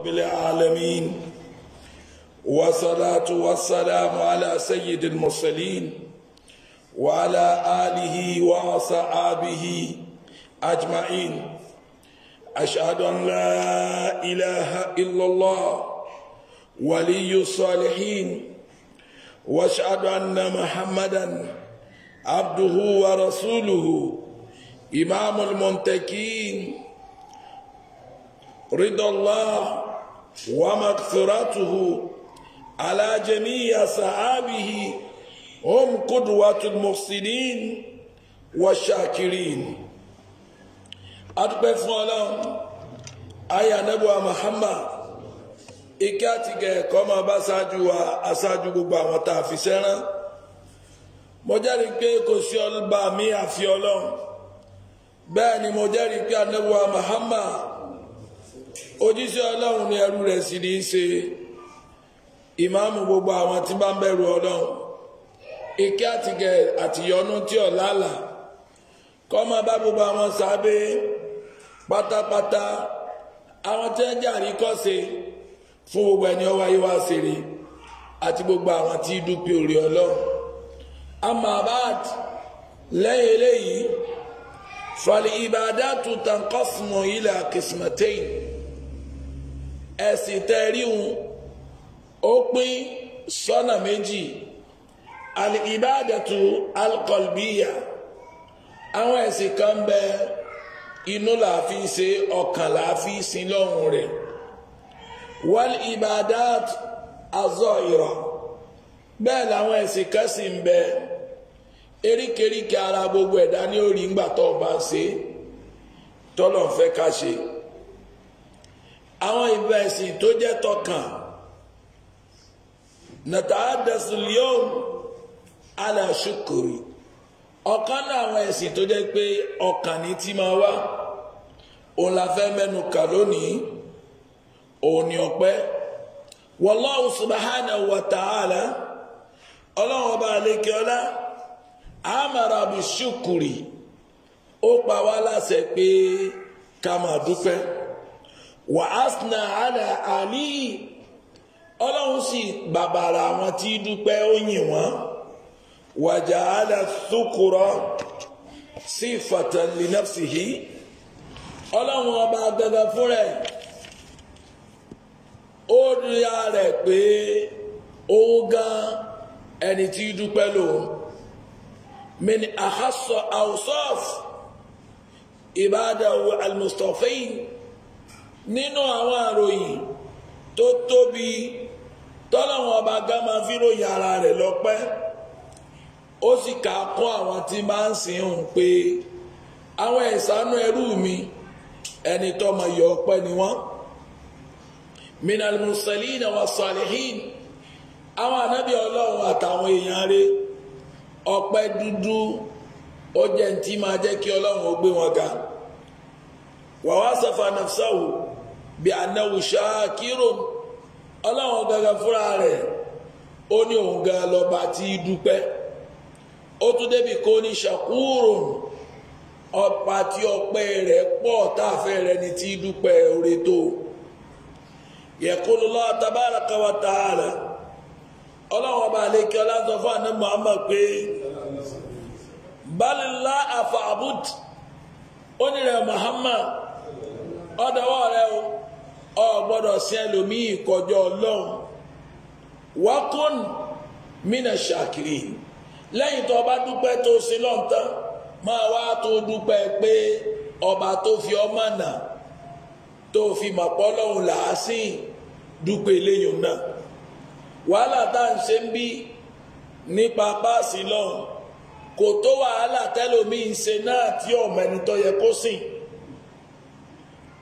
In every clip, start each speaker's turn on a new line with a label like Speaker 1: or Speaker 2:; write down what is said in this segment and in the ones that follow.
Speaker 1: رب العالمين والصلاة والسلام على سيد المرسلين وعلى آله وصحابه أجمعين أشهد أن لا إله إلا الله ولي الصالحين وأشهد أن محمدا عبده ورسوله إمام المنتكين رضا الله ومغفرته على جميع صحابه هم قدوة المحسنين والشاكرين أتبع فلان أي نبوة محمد ìkẹ́ àtìgẹ̀ kọ́ máa bá ṣáájú wa aṣáájú gbogbo àwọn tá a fi sẹ́rán mo jẹ́rìí pé kò sí ọba mi àfi ọlọ́run bẹ́ẹ̀ ni mo jẹ́rìí pé anábùwà Muhammad ojúṣe ọlọ́run ni ẹrú rẹ̀ sì ní í ṣe ìmáàmù gbogbo àwọn tí bá ń bẹ̀rù ọlọ́run ike àtìgẹ̀ àtìyọnú tí ọ̀la àlà kọ́ máa bá gbogbo àwọn sábẹ́ pátápátá àwọn tí wọ́n jẹ́ àríkọ́ṣe fún gbogbo ẹni ọwọ́ ayé wa ṣeré àti gbogbo àwọn tí dúpẹ́ òrè ọlọ́run amabad lẹ́yìn eléyìí fali ibadatu tanqasmu ila qismatayn ẹ̀sìn tẹ̀ríhun ó pín sọ́nà méjì alìbádẹ́tù alkọlbíyà àwọn ẹ̀sìn kan bẹ inú làáfi ṣe ọkàn làáfi sin lọ́hùn rẹ̀ wal ibadat azọ ìrọ̀ bẹ́ẹ̀ làwọn ẹ̀sìn kan sì ń bẹ eríkèéríkèé ara gbogbo ẹ̀dá ní orí ńgbà tó o bá ń ṣe tọ́lọ̀ ń fẹ́ ká ṣe. àwọn ibe ẹ̀sìn tó jẹ́ tọkàn nàtàdàsílíọ́m aláṣukùrì ọ̀kan náà àwọn ẹ̀sìn tó jẹ́ pé ọkàn ní tí máa wá òun la fẹ́ mẹ́nu kà lónìí òun ni ọpẹ́ wallahu subhanahu wa ọba amara bishukuri ó pa wá láṣẹ pé ká máa dúpẹ́. wà á sinà àlà àlì ọlọ́run sì bàbàrà àwọn tí dúpẹ́ ó yìn wọ́n wàjà àlà sókòrọ sí fàtàlínàfsìhì ọlọ́run ọba gangan fúnra ẹ̀ ó ríra rẹ̀ pé òun gan ẹni tí dúpẹ́ lòun min àhásọ àwùsọ́ọ̀fù ìbádàwò almustafain. nínú àwọn àròyìn tó tóbi tọ́lọ́wọ́n ọba gá fi ròyìn ara rẹ̀ lọ́pẹ́ ó sì kà á kún àwọn tí máa ń sìn ń pé àwọn ẹ̀sánú ẹrú mi ẹni tó mọ yọ ọpẹ́ ni wọ́n minal mursalina wa salihin àwọn ànábì ọlọ́run àtàwọn èèyàn rẹ̀ ọpẹ́ dúdú ó jẹ́ ní máa jẹ́ kí ọlọ́run ó gbé wọn ga wàá sọfà nàfṣàwò. bí anáwùsá kírun ọlọ́run gangan fúnra rẹ̀ ó ní òun gan lọ́ba tí dúpẹ́ ó tún débi kó ní ṣàkúrùn ọba tí ọpẹ́ rẹ̀ pọ̀ táàfẹ́ rẹ̀ ní tí dúpẹ́ oore tó yẹkúlù lọ́wọ́ tabaraka wa ọba ọ gbọ́dọ̀ sí ẹlòmíì kọjá Ọlọ́run wakon mina ṣàkiri lẹ́yìn tó o bá dúpẹ́ tó o sí lọ́ntán máa wá tó dúpẹ́ pé ọba tó fi ọmọ náà tó fi mọ̀pọ́ lọ́hùn làásìn dúpẹ́ eléyìí náà wàhálà tá à ń ṣe ń bí nípa páàsì lọ́hùn kò tó wàhálà tẹ́lòmíì ń ṣe náà tí ọ̀mọ ẹni tó yẹ kó sìn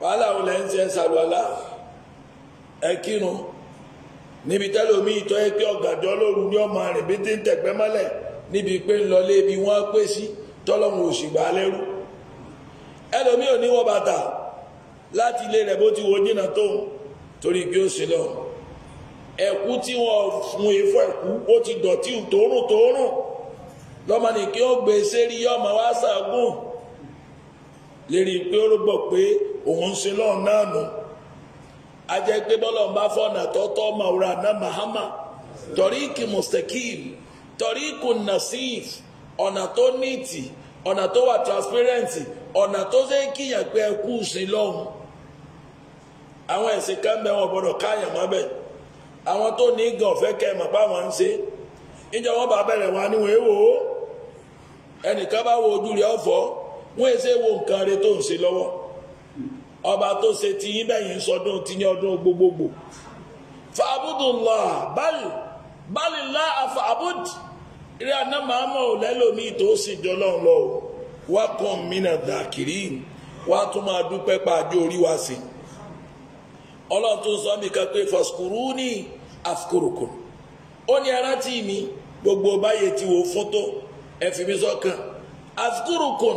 Speaker 1: wàhálà ò lẹ́yìn tí ẹ ń ṣàlùwàlá. ẹ kírun níbi tẹ́lómi ìtọ́ yẹ pé ọ̀gàjọ́ ní ọmọ rìn bí tí ń tẹ̀pẹ́ mọ́lẹ̀ níbi pé ń lọlé ibi wọ́n pé sí tọ́lọ́run ò gbà lẹ́rú ẹlòmí ò ní wọ bàtà láti ilé rẹ̀ bó ti wo jìnnà tó torí pé ó sì lọ ẹ̀kú ti dọ̀tí tòórùn lọ́mọ kí ó gbé ọmọ wa lérí pé ó pé òun lọ́ọ̀ ajẹ́ pé bọ́lá ń fọ́nà tọ́tọ́ maulana mahama tọ́ríkì mustakim tọ́ríkù nasif ọ̀nà tó níìtì ọ̀nà tó wà transparent ọ̀nà tó ṣe kíyàn pé ẹ sí lọ́hùn àwọn ẹ̀sìn kan bẹ wọn gbọdọ̀ káyàn mọ́ bẹ́ẹ̀ àwọn tó ní gan ọ̀fẹ́ kẹ́ mọ̀ ń wọn bá bẹ̀rẹ̀ wọn níwọ̀n ẹnìkan bá wo ojú rẹ̀ ọ̀fọ́ wo nǹkan rẹ̀ tó ń ọba tó ṣe ti yín bẹ́yìn ń sọdún ti yín ọdún gbogbogbò fa abudullah bali bali la afa abud eré aná màmá ò lẹ́lòmí tó sì jọlọ́n lọ o wá kàn mínà dàkìrí wá tún máa dúpẹ́ pa orí wa sí ọlọ́run tó sọ mí kan pé faskuru ní afukurukù ó ní arántí mi gbogbo báyé ti wò fún tó ẹ fi mi sọ́kàn afukurukù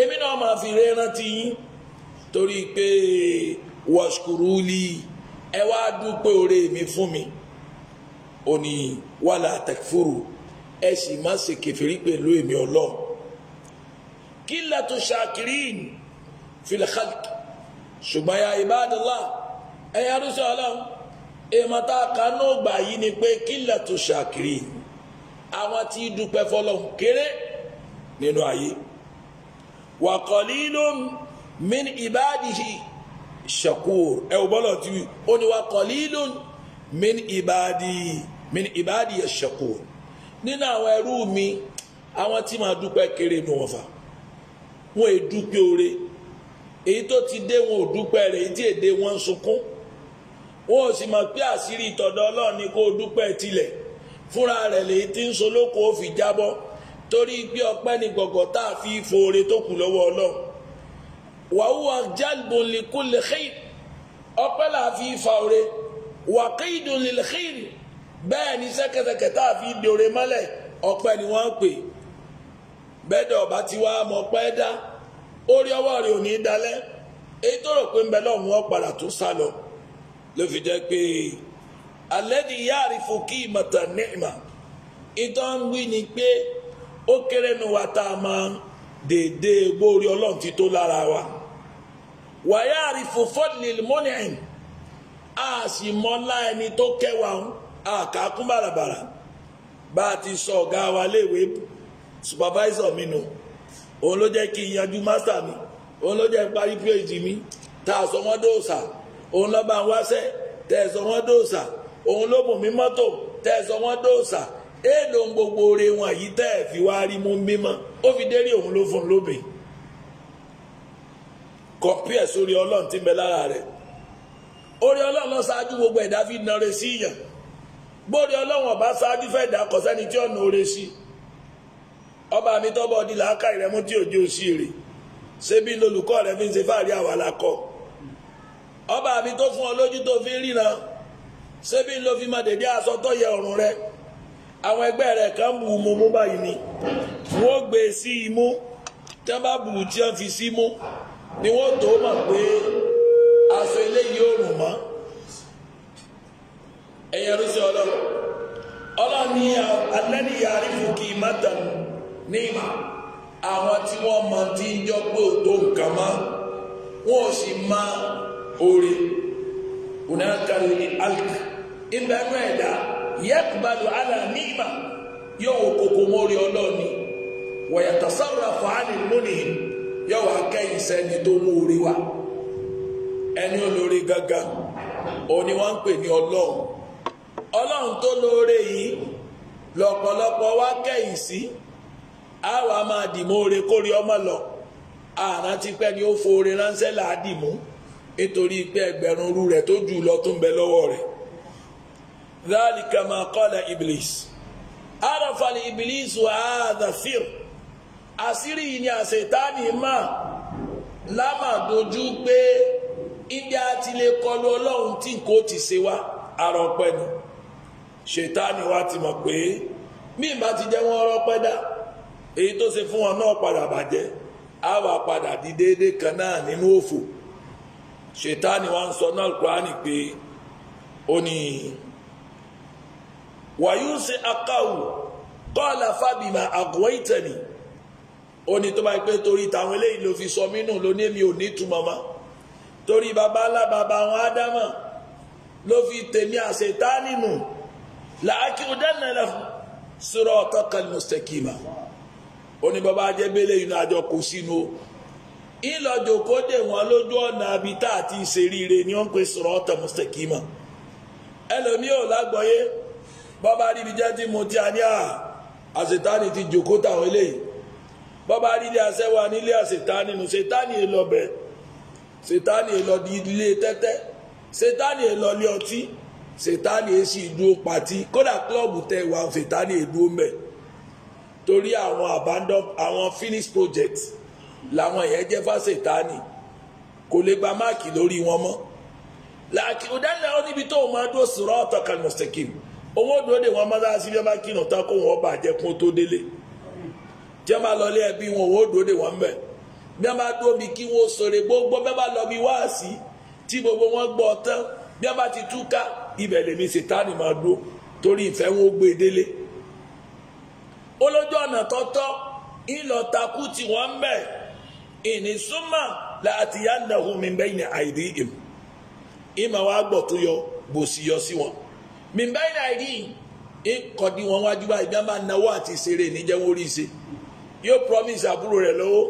Speaker 1: èmi náà máa fi rẹ́ rántí yín. torí pé wàṣkúrúlì ẹ wá dúpẹ́ oore mi fún mi ó ní wàlà àtàkùfòrò ẹ sì má ṣe kẹfìrí pẹ̀lú èmi ọlọ́run kí lẹ́tọ̀ ṣàkìrín filakhalki ṣùgbọ́n ya ibadala ẹ̀yà rúṣọ ọlọ́run èèmọ̀ tá a kà ní ògbà yìí ni pé kí lẹ́tọ̀ ṣàkìrín àwọn tí dúpẹ́ fọlọ́run kéré nínú ayé wàkọ̀lí lóhùn min ibadihi shakur ẹ ò bọ́lọ̀ tí ó ní wa qalilun min ibadi min ibadi ya shakur nínú àwọn ẹrú mi àwọn tí màá dúpẹ́ kéré nù wọn fà wọn è dúpẹ́ oore èyí tó ti dé wọn ò dúpẹ́ rẹ̀ èyí tí èdè wọn ń sunkún wọn ò sì mọ̀ pé àṣírí ìtọ̀dọ̀ ọlọ́run kó o dúpẹ́ tilẹ̀ fúnra rẹ̀ lèyí tí ń solóko ó fi jábọ́ torí pé ọpẹ́ ni gbọ̀ngàn tá a fi foore tó kù lọ́wọ́ ọlọ́run wàhùwà jalbun li kulli khair ọpẹ́ là fi fa ore wàkìdùn lil khair bẹ́ẹ̀ ni sẹ́kẹsẹkẹ tá a fi dòrè mọ́lẹ̀ ọpẹ́ ni wọ́n ń pè bẹ́ẹ̀dẹ̀ ọba ti wá mọ pẹ́ dá orí ọwọ́ rẹ̀ ò ní dalẹ̀ èyí tó rò pé ń bẹ lọ́hùn wọn tó sá lọ ló fi jẹ́ pé alladhi ya'rifu qimata ni'ma ìtàn wí ni pé ó kéré nu wa tá a máa déédéé gbórí ọlọ́run ti tó lára wa wàyà àrífò fọ́ọ̀lì mọ́nìyàn a sì mọ́lá ẹni tó kẹwàá àkàkún bàràbàrà bá a ti sọ ọ̀gá wa léèwé supervisor mi nù òun ló jẹ́ kí n yanjú master mi òun ló jẹ́ parí phd mi tá a sọ wọ́n dóòsà òun ló bá ń wáṣẹ́ tẹ̀ sọ wọ́n dóòsà òun ló bùn mí mọ́tò tẹ̀ sọ wọ́n dóòsà èèlò gbogbo oore wọn yìí tẹ́ ẹ̀ fi wá rí mú mímọ́ ó fi dérí òun ló fún un lóbìn compare sórí ọlọ́run tí ń bẹ lára rẹ̀ orí ọlọ́run lọ ṣáájú gbogbo ẹ̀dá fi nàre sí yàn gbórí ọlọ́run ọba ṣáájú fẹ́ dà kọ́ sẹ́ni tí ọ̀nà oore sí ọba mi tọ́bọ̀ ọdí làákà ìrẹ́mú tí òjò sí rè ṣé bí lolùkọ́ rẹ fi ń ṣe fáàrí àwa la kọ́ ọba mi tó fún ọ lójú tó fi ríran ṣé bí ló fi máa dèdé aṣọ tó yẹ ọ̀run rẹ àwọn ẹgbẹ́ rẹ kan bù mú mú báyìí ni wọ́n gbé e sí imú tí wọ́n bá bù tí wọ́n fi sí mú. ni wọ́n tó mọ̀ pé aṣọ eléyìí ò rùn mọ́ ẹ̀yẹ rúṣì ọlọ́run ọlọ́run ní yàrá ìfúkì ní ìmọ̀ àwọn tí wọ́n mọ tí ń jọ pé òtó nǹkan mọ́ wọn ò sì mọ oore onakari alk ìbẹ̀rù ẹ̀dá yẹ́kùbalù àlà ní ìmọ̀ yóò wò kókó mọ́rí ọlọ́ọ̀ni wọ̀yàtọ̀ fún lónìí. yóò wá kẹ́yìn sẹ́ni tó mú orí wá ẹni olóore gangan òun ni wọ́n ń pè ní ọlọ́run ọlọ́run tó lóore yìí lọ́pọ̀lọpọ̀ wá kẹ́yìn sí a wà máa dìmú oore kórè ọmọ lọ àrùn ti pẹ́ ni ó foore ránṣẹ́ là á dìmú nítorí pé ẹgbẹ̀rún rú rẹ̀ tó jù lọ tó ń bẹ lọ́wọ́ rẹ̀ dhalika ma qala iblis arafa li iblis wa hadha fir àṣírí yìí ni àṣetánì mà lámàdójú pé ibi àti lè kọlu ọlọ́run tí nǹkan ó ti ṣe wá ara ọpẹ́ ni ṣètánì wa ti mọ̀ pé bí ìbá ti jẹ́ wọ́n rọ́pẹ́ dá èyí tó ṣe fún wọn náà padà bàjẹ́ á wà padà di déédéé kan náà nínú òfò ṣètánì wa ń sọ náà kúránì pé ó ní wàyúùsì akáwù kọ́ọ̀lá fábìmà àgọ́ìtẹ̀nì. ó ní tó bá pẹ́ torí tàwọn eléyìí ló fi sọ mí ló ní èmi ò ní torí baba ńlá baba àwọn ádámà ló fi tèmi àṣetánì nù làákìrúdánà lẹ́fún sọ̀rọ̀ ọ̀tọ́kàlì mustaqima ó ní baba ajẹ́bẹ́lẹ́ àjọ kò sínú o ìlọ́jọ kó dè wọ́n lójú ọ̀nà abita àti ìṣeríire ni wọ́n ń sọ̀rọ̀ ọ̀tọ̀ mustaqima ẹlòmíì ò lágbọ́yé bọ́ba ríbi jẹ́ tí ti à ti jòkó táwọn bọ́bá nílé aṣẹ́wó nílé àṣetánì nù ṣetánì èlò ọbẹ̀ ṣetánì èlò di ilé tẹ́tẹ́ ṣetánì èlò ilé ọtí ṣetánì èsì ìdúró pàtí kódà klọ́ọ̀bù tẹ wà ṣetánì èdúró mẹ́ torí àwọn abandon àwọn finish project làwọn yẹn jẹ́ fà ṣetánì kò lè gba máàkì lórí wọn mọ́ làkì ọ̀dánilá ó níbi tó o máa dúró sọ̀rọ̀ ọ̀tọ̀ kan mọ̀sẹ̀kìm owó dúró de wọn mọ́tà síbi ọba kírun tán kó wọn bàjẹ́ kún tó délé tí wọ́n bá lọ ilé ẹbí wọn ò dúró de wọ́n bẹ̀ bí wọ́n bá dúró mi kí wọ́n sọ̀rọ̀ gbogbo bí wọ́n bá lọ mi wá sí tí gbogbo wọn gbọ́ tán bí wọ́n bá ti túká ibẹ̀ lèmi sètánì máa dúró torí ìfẹ́ wọn ó gbé e délé olójú ọ̀nà tọ́tọ́ ìlọ takú tí wọ́n bẹ̀ ìní láti yá nàhùn mi bẹ́ẹ̀ ní àìdí ìm ìmọ̀ wa gbọ̀ tó yọ gbòsì yọ sí wọn mi bẹ́ẹ̀ ní àìdí ìkọ̀dí wọn wájú báyìí bí wọ́n bá náwó àti ìṣeré níjẹ́ wọn orí ṣe yóò promise àbúrò rẹ̀ lọ́wọ́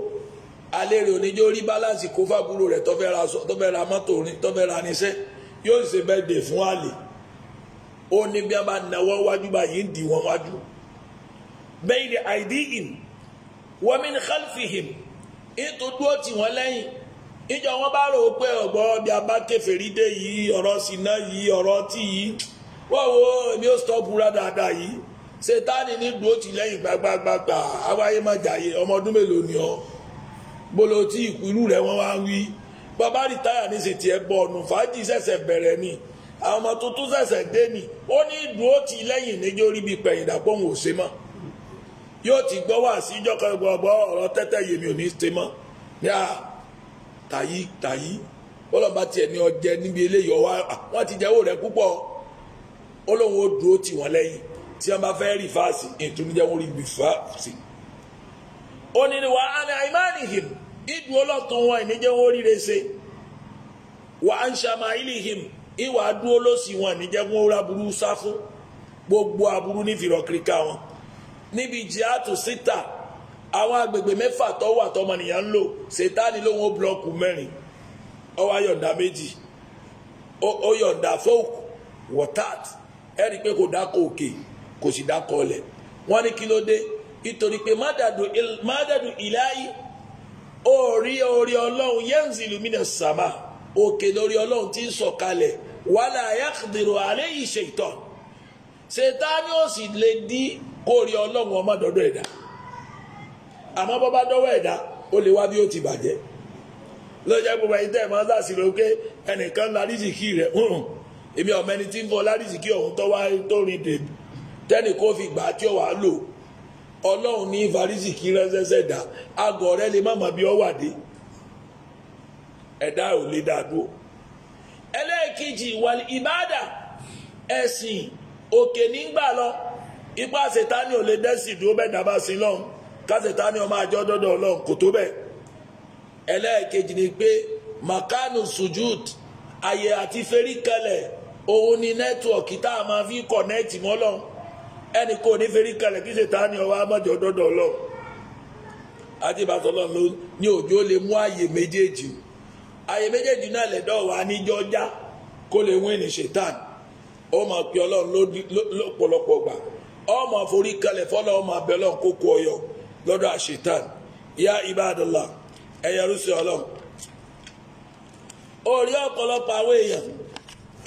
Speaker 1: alẹ́ rẹ̀ oníjó rí balance kó fàbúrò rẹ̀ tọ́fẹ́ ra mọ́tò tọ́fẹ́ ra níṣẹ́ yóò ṣe birthday fún àlè ó ní bí wọ́n bá náwó wájú báyìí ń dì wọ́n wájú bayni aydihim wa min khalfihim ètò dúró tì wọ́n lẹ́yìn ìjọ wọn bá rò ó pé ọ̀gbọ́n bí a bá kèfèrí dé yìí ọ̀rọ̀ sínà yìí ọ̀rọ̀ tí yìí wọ́n wo èmi ó stop rádàdà yìí sẹ̀tánì ní dúró ti lẹ́yìn gbagbagbagba awáyé má jàyè ọmọ ọdún mélòó ni ọ bolo tí ìkúrú rẹ wọn wá wí bàbá rìtáyà ní sì tiẹ̀ bọ ọnù fàájì ṣẹ̀ṣẹ̀ bẹ̀rẹ̀ ni àwọn ọmọ tuntun ṣẹ̀ṣẹ̀ dé ni ó ní dúró ti lẹ́yìn níjó rí bí pẹ̀yìn dàpọ̀ òun ò ṣe mọ́ yóò ti gbọ́ wá sí ìjọkọ̀ gbọ̀gbọ̀ ọ̀rọ̀ tẹ́tẹ́ yèmí ò ní ṣe mọ́ ní à tàyí tàyí bọ́lọ́ba tiẹ̀ ní ọjẹ́ níbi eléyìí ọwọ́ àwọn ti jẹ́wọ́ rẹ púpọ̀ ó lóun ó dúró tì wọ́n lẹ́yìn tí wọ́n bá fẹ́ rìfáàsì ètò níjà wọ́n rí rìfáàsì. ó ní ni wà á ní àìmánìhìm ìdùn ọlọ́tàn wọn ìníjẹ́ wọ́n ríre ṣe wà á ń ṣàmà ìlìhìm ìwà àdúró lọ́sì wọn ìníjẹ́ wọ́n ráburú sá fún gbogbo aburú ní fìrọ̀kìríkà wọn. níbi jihatu sita àwọn agbègbè mẹ́fà tó wà tọmọnìyàn ń lò ṣètánì lóun ó mẹ́rin ó wá méjì ó yọ̀ǹda fóòkù ẹ̀rí pé kò dáko òkè kò sì dákọ lẹ wọn ní kí ló dé nítorí pé mádàdù ìláyé orí orí ọlọ́run yẹnzi lumina sàmà òkè lórí ọlọ́run tí ń sọ̀kalẹ̀ wàhálà ayáàkìdìrò àlẹ́ yìí ṣe ìtọ́ ṣètáni ó sì lè dí kó rí ọlọ́run ọmọ dọ́dọ̀ ẹ̀dá àmọ́ bọ́ bá dọ́wọ́ ẹ̀dá ó lè wá bí ó ti bàjẹ́ lọ́jọ́ gbogbo ẹ̀yin tẹ́ máa ń sàṣì ló pé ẹnìkan láríṣìkì rẹ̀ èmi ọ̀mọ tí ń bọ̀ láríṣìkì ọ̀hún tó wá tó tẹ́nì kó fi gbà tí ó wàá lò ọlọ́run ní farisi kí rẹ́sẹ̀sẹ̀ dá agọ̀ rẹ lè má mà bí ọ wà ẹ̀dá ò lè dá dúró ẹlẹ́ẹ̀kejì wàlí ìbáàdà ẹ̀sìn òkè nígbà lọ ipa ṣètánì ò lè dẹ́sìn dúró makanu sujud ayé àti òun ni nẹ́tíwọ̀kì tá a fi mọ́ ẹnì kò ní fẹ́rí kalẹ̀ kí ṣe tání ọwọ́ amájọ dọ́dọ̀ lọ àtibàtọ́ lọ́nà ní òjò lè mú ààyè méjèèjì ààyè méjèèjì náà lẹ́dọ̀ wà níjọ́ já kó lè wí ní ṣètàn ó mà pè ọlọ́run lọ́pọ̀lọpọ̀ gbà ó mà forí kalẹ̀ fọlọ́ kó ọyọ lọ́dọ̀ àṣetàn ya ibadallah ẹ̀yẹ rúṣì ọlọ́run ó ọ̀pọ̀lọpọ̀ àwọn èèyàn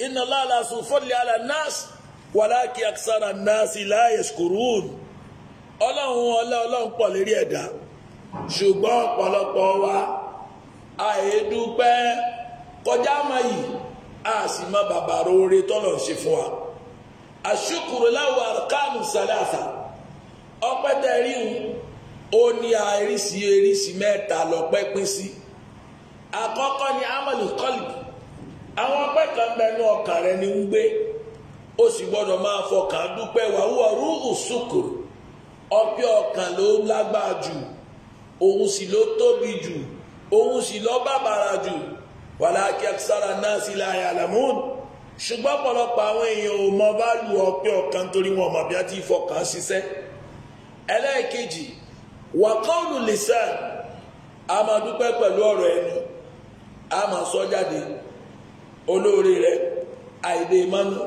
Speaker 1: inna Allah fọ́lẹ̀ wàláàkì aksara nasi la yashkurun ọlọ́run ọlá ọlọ́run pọ̀ lérí ẹ̀dá ṣùgbọ́n ọ̀pọ̀lọpọ̀ wa àìdúpẹ́ kọjá mayì a sì mọ bàbàrò oore tọ́lọ̀ ń ṣe fún wa àṣùkùrù láwọ àrùkánù sàlàsà ọpẹ́ tẹ ríhun ó ní àìrísí erísí mẹ́ta lọ́pẹ́ pín sí àkọ́kọ́ ni amọ̀lù kọ́lì àwọn ọpẹ́ kan bẹnu ọkàn rẹ ni ń gbé ó sì gbọ́dọ̀ máa fọkàn dúpẹ́ wà wúwo rúhù sùkùrù ọpẹ́ ọkàn ló lágbára jù òun sì ló tóbi jù òun sì ló bàbàrà jù wàlàkì àkísára náà sì la ya'lamun ṣùgbọ́n ọ̀pọ̀lọpọ̀ àwọn èèyàn ò mọ bá lu ọpẹ́ ọkàn torí wọn mọ̀ bí a ti fọkàn ṣiṣẹ́ ẹlẹ́ẹ̀kejì wàkọ́ọ̀lù lisan a máa dúpẹ́ pẹ̀lú ọ̀rọ̀ ẹnu a máa sọ jáde olóore rẹ àìdè mọ́nú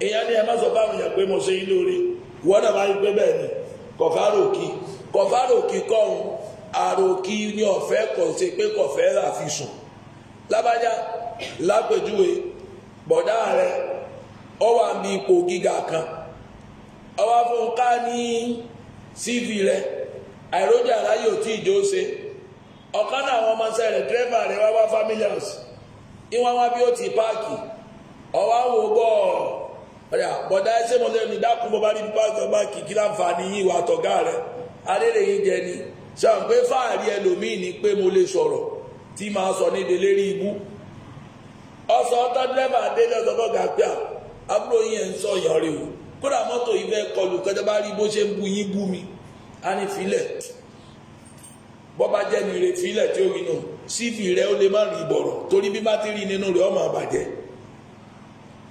Speaker 1: èèyàn ní ẹ má sọ báwọn èèyàn pé mo ṣe yín lórí ìwọ náà máa ń pé bẹ́ẹ̀ ni kọ̀fáròkì kọ̀fáròkì kọ́hún àròkì ni ọ̀fẹ́ kọ̀ ṣe pé kọ̀fẹ́ rà fi sùn lábájá lápèjúwe bọ̀dá rẹ ọ wà ní ipò gíga kan ọwọ́ fún ká ní cv rẹ àìrójà láyé ò tí ṣe ọ̀kan náà àwọn ọmọọṣẹ́ rẹ̀ dírẹ́fà rẹ̀ wá wá family house wá bí ó ti páàkì ọwọ́ wo bọ́ọ̀. ọ̀yà bọ̀dá ẹsẹ̀ mọ̀tẹ́ mi dákun bọ́ bá rí pásítọ̀ bá kìkì láǹfààní yìí wà tọ̀gá rẹ̀ adélèyí jẹ ni sọ̀rọ̀ pé fáàrí ẹlòmíì ni pé mo lè sọ̀rọ̀ tí màá sọ ní delérí ibú ọsọ ọtọ dírẹ́fà adélé ọsọ bọ́gà pé àbúrò yẹn ń sọ ìyàn rè o kódà mọ́tò yìí fẹ́ kọlù bá rí bó ṣe ń bu yín bú mi á ní filẹ̀ jẹ́ mi rè filẹ̀ tí ó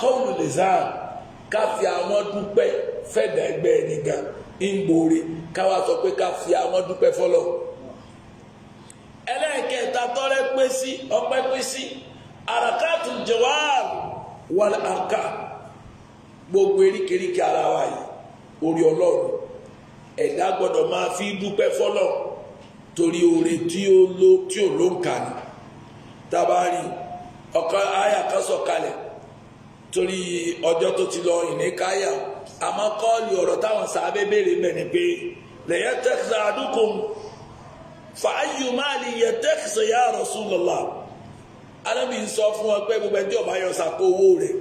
Speaker 1: kọ́ọ̀lù lè sáà ká fi àwọn dúpẹ́ fẹ̀dà ẹgbẹ́ ẹni gan ń gbòòrè káwa sọ pé ká fi àwọn dúpẹ́ fọlọ́ ẹlẹ́ẹ̀kẹta tọ́rẹ́ pé sí ọpẹ́ pé sí àràkàtù jẹ̀wáàl wàlẹ̀ àǹkà gbogbo eríkèéríkèé ara wa yìí orí ọlọ́run ẹ̀dá gbọ́dọ̀ máa fi dúpẹ́ fọlọ́ torí oore tí ó ló ń kà ní tábàárín ọ̀kan àyà kan sọ̀kalẹ̀ torí ọjọ́ tó ti lọ ìníkáyà àmọ́ kọ́ọ̀lù ọ̀rọ̀ táwọn sábẹ́ béèrè mẹ́ ni pé lẹ́yẹ tẹ́kisà àdúkùn fàáyù máa lè yẹ tẹ́kisà yà Rasulullah alábì ń sọ fún ọ pé gbogbo ẹjọ́ bá yọ sàkó owó rẹ̀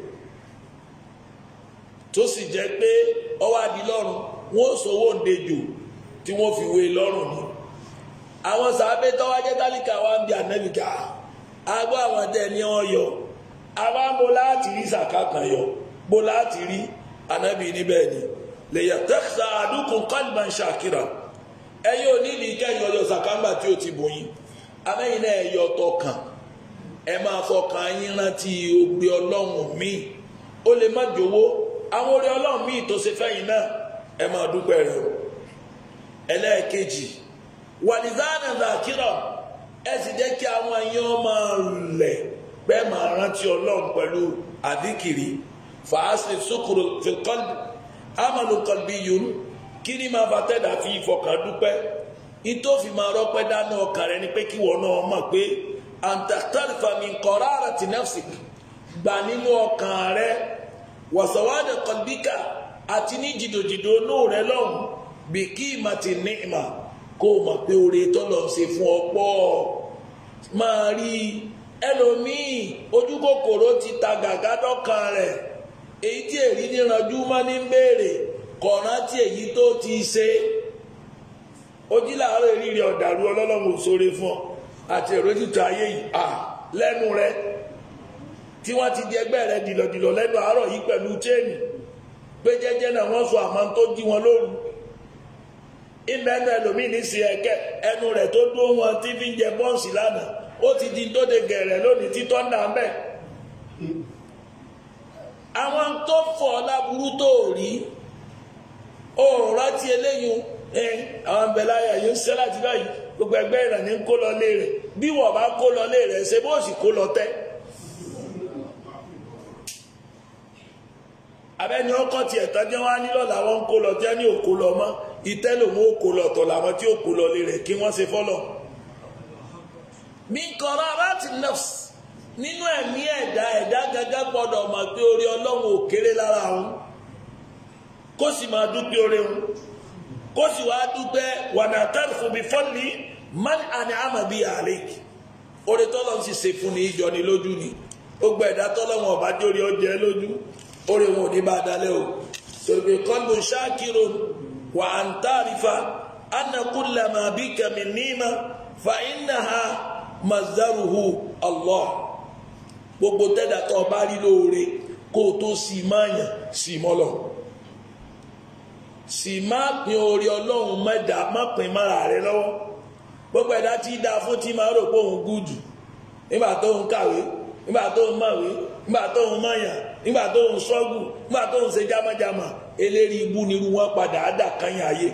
Speaker 1: tó sì jẹ́ pé ọwọ́ àdì lọ́rùn wọn ǹdejò tí wọ́n fi wé lọ́rùn ni àwọn sábẹ́ tọ́wájẹ́ tálíkà wa ń bí ànẹ́bìkà agbọ́ àwọn tẹ̀ ní ọyọ́ àwa mo láti rí zaka kan yọ mo láti rí anabi níbẹ̀ ni lèyà tẹ́sà àdúkùn kálímàn ṣàkírà ẹ̀yin ò ní ní kẹ́yìn ọjọ́ zakamba tí ó ti bù yín amẹ́yìn náà ẹ̀yọ tọkàn ẹ máa fọkàn yín rántí ogbe ọlọ́run míì ó lè má jowó àwọn orí ọlọ́run míì tó ṣe fẹ́yìn náà ẹ máa dúpẹ́ rẹ̀ o ẹlẹ́ẹ̀kejì wàlìzánà zakira ẹ sì jẹ́ kí àwọn ẹ̀yàn máa lẹ̀ bẹ́ẹ̀ máa rántí ọlọ́run pẹ̀lú àdìkìrì fàásì sókòrò fìkọ́lì amọ̀lùkọ́lì yòó kí ni máa bá tẹ̀dá fi ìfọkàn dúpẹ́ ìtòfin máa rọ́pẹ́ dáná ọkàn rẹ ni pé kí wọ́n náà mọ̀ pé àǹtàtàlìfàmì kọ̀ọ̀rọ̀ àrà tì nẹ́fṣì gbà nínú ọkàn rẹ wàsàwádà kọ̀lbíkà àti ní jìdòjìdò onú rẹ lọ́hùn bí kí ìmà ti ní ìmà kó o mọ̀ pé oore tọ́lọ̀ ń ṣe fún ọ pọ̀ máa rí i ẹlòmíì ojú ti ta dọ́kan rẹ̀ èyí tí èrí níranjú ní béèrè kọ̀ọ̀rán èyí tó ti ṣe ojú làárọ̀ èrí ọlọ́lọ́mù sóre fún ọ àti èrò ayé à lẹ́nu rẹ tí wọ́n ti di ẹgbẹ́ rẹ dìlọ̀dìlọ̀ lẹ́nu àárọ̀ yìí pẹ̀lú chéènì pé jẹ́jẹ́ náà wọ́n sọ àmọ́ tó wọn lóru ìmẹ́nu ẹlòmíì ní sí tó wọn tí fi ń jẹ lánàá ó ti di dóde gẹ̀rẹ̀ lónìí títọ́ ń dà ń bẹ̀. àwọn tó fọ̀ láburú tó rí òòrùn láti eléyìí ẹ àwọn abẹ́láyà yóò ṣe láti báyìí gbogbo ẹgbẹ́ ìrànní ń kó lọ lé rẹ̀ bí wọ́n bá kó lọ lé rẹ̀ ṣe bó sì kó lọ tẹ́. abẹ́ni ọkọ̀ tiẹ̀ tán jẹ́ wọ́n á nílò làwọn ń kó lọ jẹ́ ní òkó lọ mọ́ ìtẹ́lòmú òkó lọ tọ̀ làwọn tí òkó lọ lé rẹ̀ kí wọ́n ṣe fọ́lọ̀. min qararati nafs nínú ẹ̀mí ẹ̀dá ẹdá gángan gbọ́dọ̀ mọ̀ pé orí ọlọ́run ò kéré lára òun kó sì máa dúpẹ́ orí òun kó sì wá dúpẹ́ wàdà tẹ́lifù bí fọ́ọ̀lì man àni àmàbí àlèkì orí tọ́lọ́ ń ṣiṣẹ́ fún ni ìjọ ni lójú ni gba ẹ̀dá tọ́lọ́ wọn ọ̀bá jórí ọjẹ́ lójú orí wọn ò ní bá a dalẹ̀ o tòlùbí kọ́lù ṣáàkìrò wà á ń tàrífa ànàkúnlẹ̀ màbí kàmí níma fa innaha. mazaruhu allah gbogbo tẹ́dà tó bá rí lóore kó tó sì máa yàn sí mọ́lọ̀ sì má pin orí ọlọ́run mẹ́ta má pin mára rẹ lọ́wọ́ gbogbo ẹ̀dá tí í dáa fún tí máa rò pé òun gùdù nígbà tó ń kàwé nígbà tó ń mọ̀wé nígbà tó ń mọ̀yàn nígbà tó ń padà á dà kányà ayé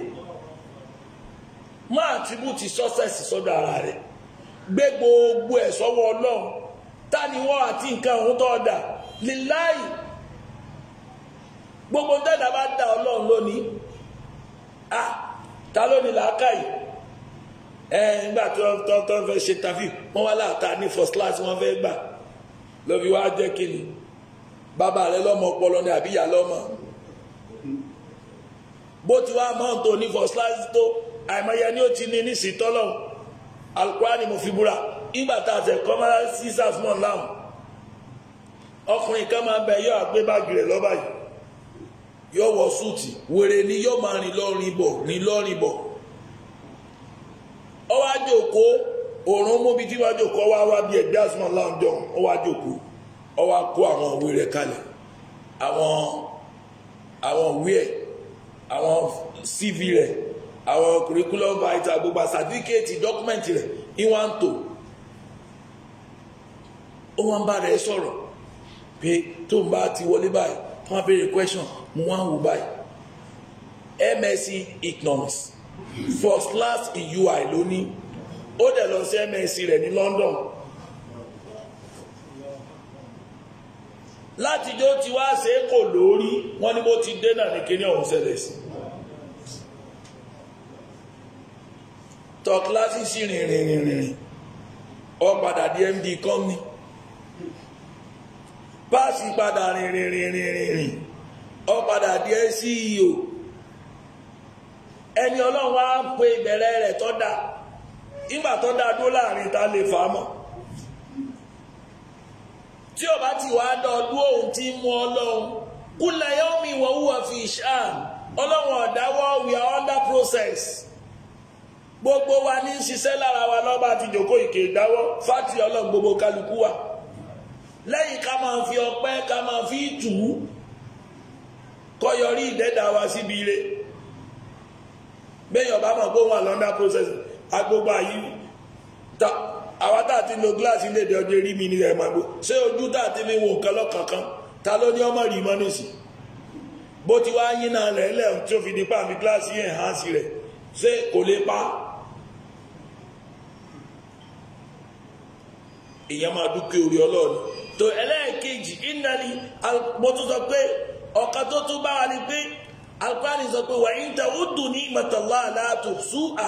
Speaker 1: má ara rẹ̀. gbé gbogbo ẹ̀ sọ́wọ́ ọlọ́run tániwọ́ àti nǹkan ọ̀hún tó dà líláì gbogbo dẹ́dà bá dà ọlọ́run lónìí ah ta ló ní làákàyè ẹ nígbà tí wọ́n tọ́ tọ́ fẹ́ ṣe tàfi wọ́n wá láàta ní first class wọ́n fẹ́ gbà lọ́bi wá jẹ́ kínní bàbá rẹ lọ́mọ ọpọlọ ni àbí ìyá lọ́mọ bó ti wá mọ́tò ní first class tó àìmọye ni ó ti ní nísìtọ́lọ́hùn alukurani mo fi búra ìgbà tá a tẹ kọ́mọ́lá sísàs mọ́ láwọn ọkùnrin kan máa bẹ yóò àgbé báàgì rẹ̀ lọ́ba yìí yóò wọ súùtì wèrè ni yóò máa rìn lọ́rin bọ̀ rìn lọ́rin bọ̀ ó wá jókòó òòrùn móbi tí wàá jókòó wá wá bí ẹgbẹ́ àsùnmọ̀ láwọn jọ ó wá jókòó ó àwọn òwe rẹ̀ kalẹ̀ àwọn àwọn òwe ẹ̀ àwọn cv rẹ̀ àwọn curriculum vitae gbogbo sàdíkẹ́ẹ̀tì dọ́kúmẹ̀ntì rẹ̀ ìwà ń tò ó wá ń bá rẹ̀ sọ̀rọ̀ pé tó ń bá ti wọlé báyìí tó béèrè question mo wá ń wò báyìí MSc economics first class in UI lónìí ó dẹ̀ lọ sí MSc rẹ̀ ní London látijọ́ ti wá ṣe é kò lórí wọ́n ní bó ti dé náà ní kíní ọ̀hún ṣẹlẹ̀ sí i. tọ kíláàsì rìn rìn rìn rìn ọ padà di md company páàsì padà rìn rìn rìn rìn rìn rìn ọ padà di ceo ẹni ọlọ́run á pe ìbẹ̀rẹ̀ rẹ̀ tọ́ da nígbà tó dá dó láàrin ta lè fà á mọ̀ tí o bá ti wá dán ọdún òun ti mú ọlọ́run kúlẹ̀ yóò mi wọ́n wúwo fi ṣáà ọlọ́run ọ̀dáwọ́ we are under process gbogbo wa ní ṣiṣẹ́ lára wa lọ́ba àti ìjòkó ìkè ìdáwọ́ fáti ọlọ́run gbogbo kálukú wa lẹ́yìn ká máa fi ọpẹ́ ká máa fi tù ú kọ́yọrí ìdẹ́dà wa síbi ire bẹ́ẹ̀ ọba mọ̀ pé wọ́n àlọ́ndà process agbogbo àyí àwa tá a ti lo gíláàsì léde ọjọ́ erí mi ní ẹ̀ máa gbó ṣé ojú tá a ti wò kán lọ́kànkan ta ló ní ọmọ rí mọ́ nísìn bó ti wá yín náà lẹ́lẹ́ tí fi di pa gíláàsì yẹn hàn sí rẹ̀ ṣé kò lè pa á. èèyàn máa dúpẹ́ orí ọlọ́run tó ẹlẹ́ẹ̀kejì ìnáni mo tún sọ pé ọ̀kan tó tún bá wa ni pé alukóhánì sọ pé wàá yín tẹ ó dùn ní ìmọ̀tàlá aláàtò súà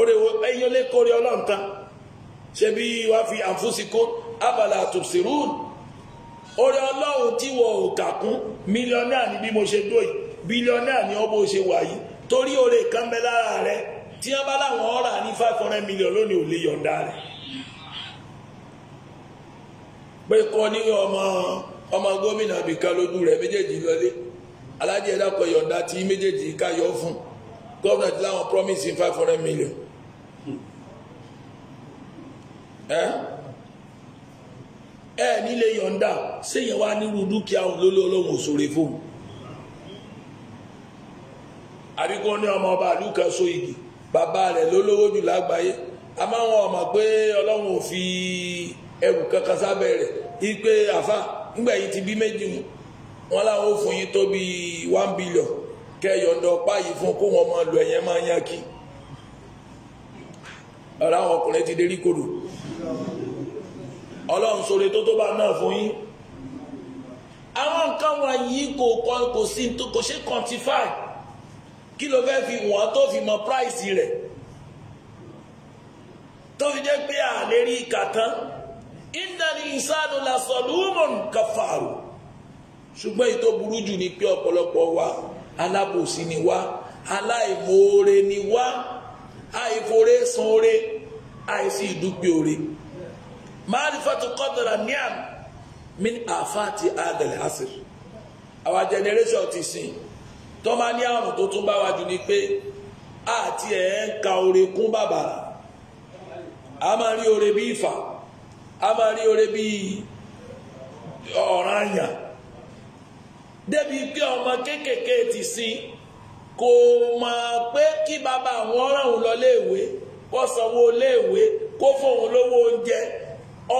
Speaker 1: oríwo ẹ̀yin olè kórè ọlọ́run tán ṣe bí wàá fi àǹfóṣikó abàlà àtòsírùn orí ọlọ́run tí wọ́n ò kà kún mílíọ̀nù àní bí mo ṣe dó yìí bílíọ̀nù àní ọ bó ṣe wà yìí torí oore kan rẹ tí wọ́n bá láwọn ọ̀rà ní five hundred million lónìí ò lè yọ̀ǹda rẹ̀ pé kọ́ ní ọmọ ọmọ gómìnà bìkan lójú rẹ̀ méjèèjì lọlé alájẹ ẹ̀dàpọ̀ yọ̀ǹda tí méjèèjì káyọ̀ fún gọ́ọ̀nà ti láwọn promise five hundred million ẹ ẹ nílé yọ̀ǹda séyẹn wá nírú dúkìá lólé olóhùn òṣòro fún àbíkó ní ọmọ ọba àlùkà so igi bàbá rẹ̀ lólówó jù lágbàáyé àmọ́ wọn ò mọ̀ pé ọlọ́run ò fi ẹrù kankan sábẹ́ rẹ̀ ipe àfa nígbà yìí ti bí méjì mu wọn làwọn fún yín tó bí one billion kẹyọ̀ndọ̀ ọpá yìí fún kó wọn máa lọ ẹ̀yẹn máa yan kí ọ̀rọ̀ àwọn ọkùnrin ti dérí kodò ọlọ́run sóre tó tó bá náà fún yín àwọn nǹkan wọ̀nyí kò kọ́ kò sí kò ṣe quantify kí ló fẹ́ fi wọ́n tó fi mọ price rẹ̀ tó fi jẹ́ pé àlérí kàtán ìdánì ìsáàdù làṣọlùmọ̀n kàfàrù ṣùgbọ́n èyí tó burú jù ni pé ọ̀pọ̀lọpọ̀ wa alábòsí ni wá aláìmoore ni wá àìfoore sanore àìsí ìdúpẹ́ oore ma'rifatu qadra ni'am min àfáàtì adẹ̀lẹ̀ asir àwa generation ti sìn tó máa ní àrùn tó tún bá wa jù ni pé àti ẹ̀ ń ka oore kún a máa rí oore bí ìfà a máa rí oore bíi ọ̀ràn àyàn débi pé ọmọ kéékèèké ti sin kò mọ̀ pé kí bàbá àwọn ràn òun lọ léèwé kó sanwó léèwé kó fóun lówó oúnjẹ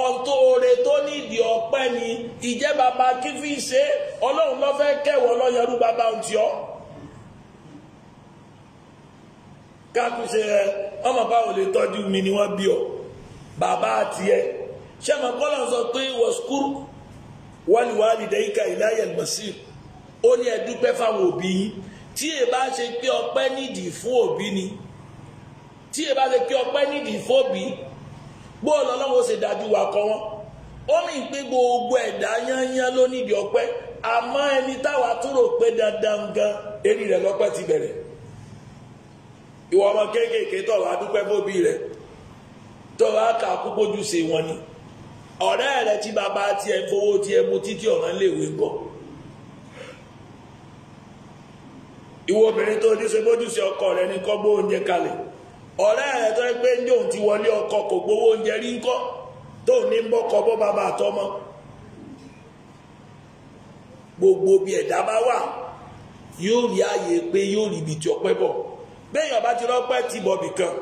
Speaker 1: ọ̀tọ̀ oore tó nídìí ọpẹ́ ni ìjẹ́ bàbá kí fi ṣe ọlọ́run ló fẹ́ kẹwọ́ lọ́yẹrú bàbá òun ọ́. káàkiri ṣe ẹ ọmọ báwo lè tọ́jú mi ni wọ́n bí ọ bàbá àti ẹ sẹ́mi kọ́lá sọ pé wọ́skúrú wàlúwàlì dẹ́yìká ìláyà masir ó ní ẹ dúpẹ́ fáwọn òbí yín tí ẹ bá ṣe pé ọpẹ́ nídìí fún òbí ni tí ẹ bá ṣe pé ọpẹ́ nídìí fún òbí gbóòlù ọlọ́wọ́ ṣe dájú wà kọ́ wọn ó mì pé gbogbo ẹ̀dá yányán ló nídìí ọpẹ́ àmọ́ ẹni táwa tún rò pé dandan gan eré rẹ̀ lọ́pẹ́ ti bẹ̀rẹ̀ ìwọ ọmọ kéékèèké tó wàá fóbi rẹ̀ tó wàá kà ṣe wọn ni. ọ̀rẹ́ rẹ tí bàbá tiẹ̀ fowó ẹ mu títí ọ̀ràn léèwé ń bọ̀ ìwọ obìnrin tó ní sí ọkọ rẹ ní kọ́ gbó oúnjẹ kalẹ̀ ọ̀rẹ́ rẹ tó ń gbé ní òun ti wọlé ọkọ kò gbowó oúnjẹ rí ń kọ́ tó ní ń bọ́kọ bọ́ bàbá àtọmọ gbogbo bí ẹ̀dá bá wà yóò rí ààyè pé yóò rí ibi tí ọpẹ́ bọ̀ bẹ́ẹ̀ yọ̀bá ti rọ́pẹ́ ti bọ̀ bìkan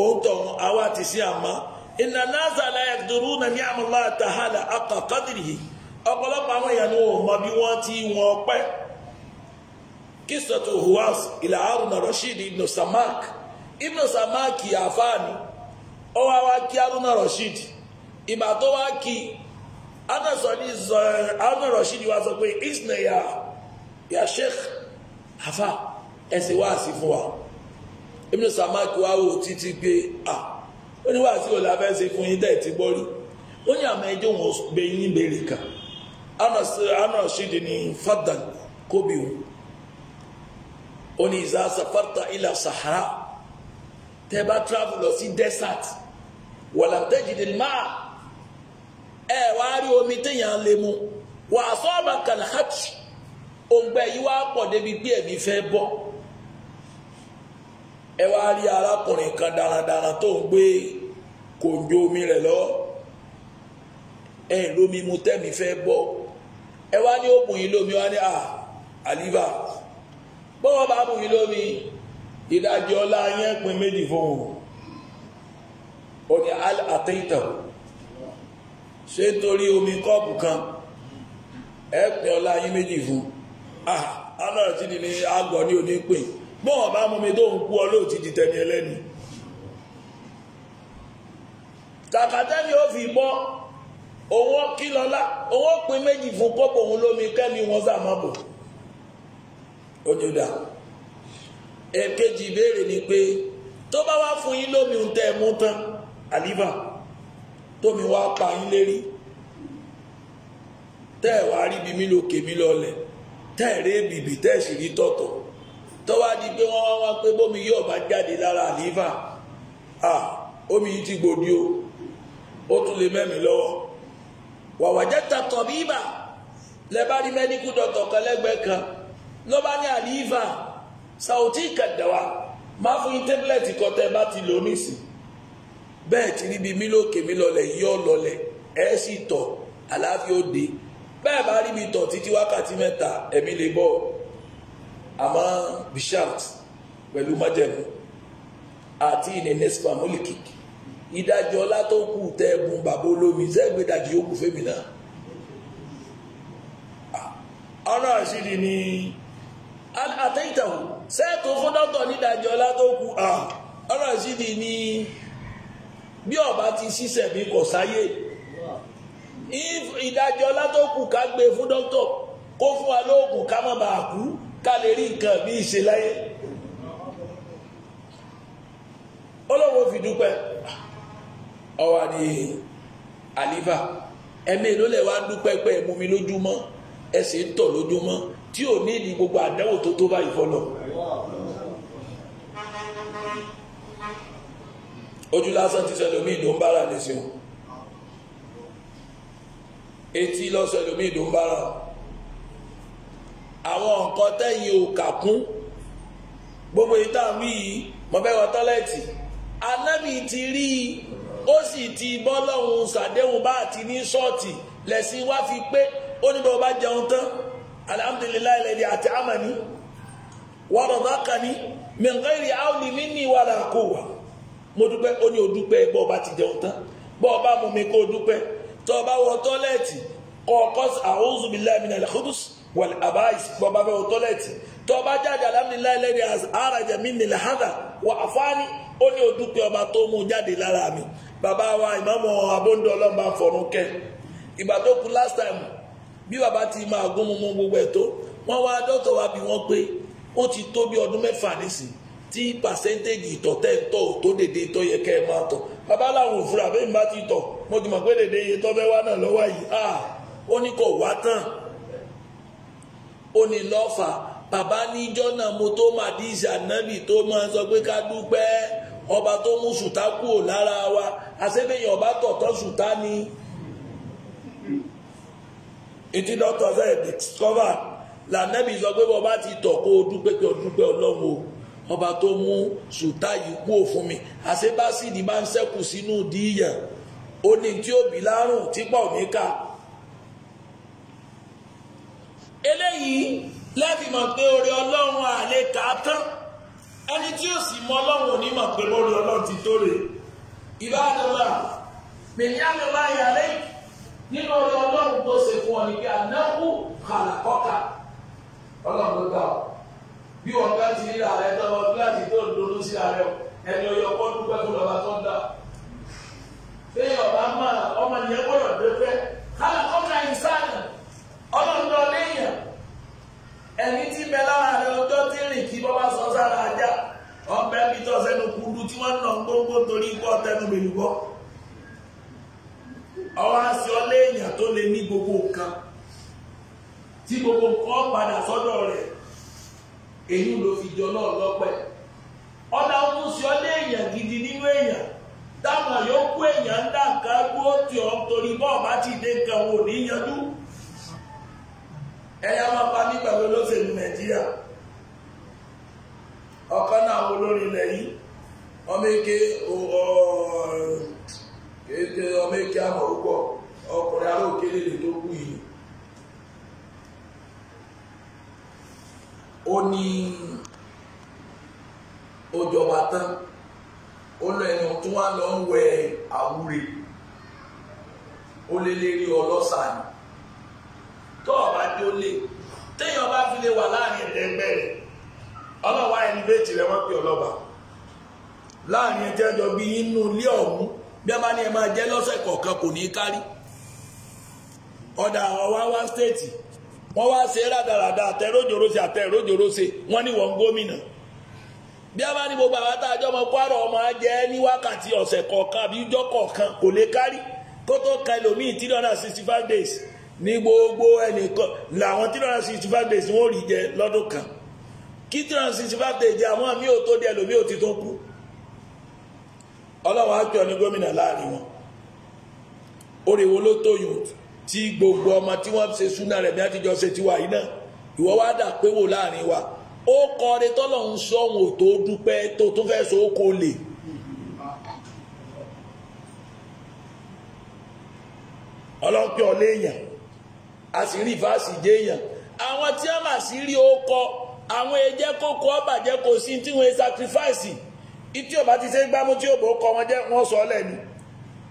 Speaker 1: òun tọ̀ àwa ti sí àmọ́ ìnà náza láyàdúró na ní àmàlà tàhálà akọ kọdìrì yìí ọ̀pọ̀lọpọ̀ àwọn èèyàn ni wọn mọ bí wọ́n ti wọn ọpẹ́ kisatu huwas ilà haruna rashid ibn samak ibn samak àfáàní ó wá wá kí haruna rashid ìgbà tó wá kí haruna rashid wá sọ pé isna ya ya sheikh afa ẹsẹ wá sí fún wa ibn ó ní wàásù ọ̀la fẹ́ ṣe fún yín dẹ́ẹ̀tì bọ́ọ̀lù ó ní àmọ́ ẹjọ́ wọn bẹ yín béèrè kan ana ṣídìí ní fadan kóbi o ó ní ìzá safarta ilà sahara tẹ bá travel lọ sí desert wàlà tẹ́jìdì máa ẹ wá rí omi téèyàn lè mu wàásù ọ̀bà kàlhàtì òǹgbẹ yìí wá pọ̀ débi bí ẹ̀mí fẹ́ bọ́. ẹ wá rí arákùnrin kan darandaran tó ń gbé kòǹjó omi rẹ lọ ẹ̀yìn lómi mu tẹ́mi fẹ́ bọ́ ẹ wá ní òògùn yìí wá ní ah, àlìbà bọ́wọ́ bá mú yìí lómi ìdajì ọlá yẹn pin méjì omi kọ́ọ̀pù kan ẹ pin ọlá méjì fún un ah, ti ní bọ́n ọba mọ́mi tó ń kú ọ lóòtí di tẹni ẹlẹ́ni kàkàtẹ́ni ó fi bọ́ òun ó kí lọ́lá òun ó pin méjì fún kọ́pọ̀ òun lómi kẹ́mi wọn sàmọ́bò ojúdà ẹ̀ẹ̀kejì ìbéèrè ni pé tó bá wá fún yín lómi ń tẹ́ ẹ mú tán àlífà tómi wá pa yín lérí tẹ́ ẹ̀ wá rí bí mi lókè mi lọlẹ̀ tẹ́ ẹ̀ rí èbìbì tẹ́ ẹ̀ sì rí tọ̀tọ̀ tọ́wá di pé wọ́n wá wá pé bómi yóò bá jáde lára àlífà omi yìí ti gbòdì o ó tún lè mẹ́mìí lọ́wọ́ wàwàjẹ́ takọ̀ bí ibà lẹ́bàá ní mẹ́díkù dọ̀tọ̀ kan lẹ́gbẹ̀ẹ́ kan ló bá ní àlífà sàwùtí kẹdàwà máa fún yín tẹ́bílẹ̀tì kan tẹ́ bá ti lò nísìn bẹ́ẹ̀ ti ríbi mí lókè lọlẹ̀ yọ lọlẹ̀ ẹ̀ sì tọ̀ àlàáfíà òde bẹ́ẹ̀ bá ríbi tọ̀ títí wákàtí mẹ́ta ẹ̀mí lè bọ̀ ama bishalt pẹ̀lú ati àti ìnẹ̀nẹ́sìpà mọ́lìkìkì ìdajì ọlá tó kù tẹ ẹbùn bàbá olómi sẹ́gbẹ̀dàjì yóò kù fẹ́mi náà ọ̀nà ah, àṣírí ni àtẹ́yìntàwò sẹ́ẹ̀tò fún dọ́tọ̀ nídajì ọlá tó kù ọ̀nà ah, àṣírí ni bí ọba ti ṣiṣẹ́ bí kò sáyé ìdajì ọlá tó kù ká gbé fún dọ́tọ̀ kó fún wa lóògùn ká má bàa kú ká lè rí nǹkan bí ìṣe láyé ọlọ́wọ́ fi dúpẹ́ ọwà ni àlífà ẹ̀mí ló lẹ̀ wá dúpẹ́ pé ẹ mú mi lójúmọ́ ẹ sì ń tọ̀ lójúmọ́ tí ò ní ìdí gbogbo àdánwò tó tó báyìí fọlọ́ ojú lásán ti sẹlẹ̀ omi ìdó ń etí lọ́sọ̀ ẹlòmí ìdó àwọn nǹkan tẹ́yìn ò kà kún gbogbo yìí tá à ń wí yìí mo fẹ́ wọ tọ́lẹ́ẹ̀tì anábì ti rí i ó sì ti bọ́lọ́hún sàdéhùn bá àti ní ṣọ́ọ̀tì lẹ́sìn wá fi pé ó ní bọ́ọ̀ bá jẹun tán alhamdulilayi lẹ́dí àti amani wàrọ̀dákaní mẹ̀ngẹ́rì áwòní mi ní ìwàlà kó wà mo dúpẹ́ ó ní o dúpẹ́ bọ́ọ̀ bá ti jẹun tán bọ́ọ̀ bá mú mi kó o dúpẹ́ tọ́ bá wọ tọ́lẹ́ẹ̀tì kọ́ ọkọ́ àwòzùmílẹ́ mi nàlẹ́ kúdùsù wàlẹ̀ àbáyìsì bọ́ba fẹ́ wọ tọ́lẹ̀tì tọ́ba jáde alhamdulilayi lẹ́ni arajà mi nílẹ̀ hàdà wa àfáàní ó ní odúpẹ́ ọba tó mú jáde lára mi bàbá wa ìmáàmù abóńdó ọlọ́mọba fọ̀rún kẹ́ ìgbà tó kú last time bí bàbá ti máa gún mu mú gbogbo ẹ̀ tó wọ́n wá dọ́tọ̀ wa bí wọ́n pé ó ti tó bí ọdún mẹ́fà nísìn tí pàṣẹ́ntéèjì ìtọ̀ tẹ́ ń tọ̀ tó dédé tó yẹ kẹ́ ẹ máa tọ̀ bàbá làwọn òfurufú àbẹ́yìn ti tọ̀ mo ti pé dédé iye tó fẹ́ wá náà lọ́wọ́ yìí ah, ó ní kò wá tán ó ní lọ́fà bàbá níjọ́ náà mo tó mà díìsì ànábì tó máa sọ pé ká dúpẹ́ ọba tó mú sùtá kúrò lára wa àṣẹ́bẹ̀yìn ọba tọ̀tọ̀ sùtá ni etí dọ́tọ̀ sẹ́yìn discover lànàbì sọ pé bọ́ba ti tọ̀ kó o dúpẹ́ pé o dúpẹ́ ọlọ́run o ọba tó mú sùtá yìí kúrò fún mi àṣẹ́bàṣì ni máa ń ṣẹ́kù sínú díyàn ó ní tí ó bí lárùn tí pọ̀ níkà eléyìí lẹ́bi mọ̀ pé orí ọlọ́run àlè kà á tán ẹni tí ó sì mọ ọlọ́run ò ní mọ̀ pé lórí ọlọ́run ti tóore ìbáraẹnìlá mẹ̀nyánilá yàrá nínú orí ọlọ́run tó ṣe fún ọ ní pé ànáwó kàlàkọ́kà ọlọ́run ló dá ọ bí wọn bá ti rí ààrẹ tọwọ gíláàsì tó ń dúró sí ààrẹ ẹni ọyọ kọ́ dúpẹ́ fún ọ ẹ̀ rójòróse wọ́n ní wọ́n gómìnà bí a bá ní gbogbo àwọn àtàjọ ọmọ kwara ọmọ ajẹ́ ní wákàtí ọ̀sẹ̀ kọ̀ọ̀kan àbí ijọ́ kọ̀ọ̀kan kò lè kárí kó tó ka ẹlòmíì three hundred and sixty five days ní gbogbo ẹnìkan làwọn three hundred and sixty five days wọ́n rí jẹ lọ́dún kan kí three hundred and sixty five days jẹ àwọn àmì òtó di ẹlòmíì òtí tó kú ọlọ́wọ́ àjọ ní gómìnà láàrin wọn oríwo ló tó yùn tí gbogbo ọmọ tí wọ́n ṣe súnà rẹ̀ bí wọ́n ti jọ ṣe tiwa yìí náà ìwọ wá dà pé wò láàrin wa ó kọrin tọ́lọ̀ ń sọ ohun tó dúpẹ́ tó tún fẹ́ so kó lè. ọlọ́pẹ́ ọlẹ́yìn àṣírí fásì jẹ́yìn àwọn tí a máa sí rí ó àwọn ẹjẹ́ kókó ọbàjẹ́ kò sí tí wọ́n sacrifice tí ọba ti ṣe gbámú tí òbò kọ wọn jẹ́ wọ́n sọ lẹ́nu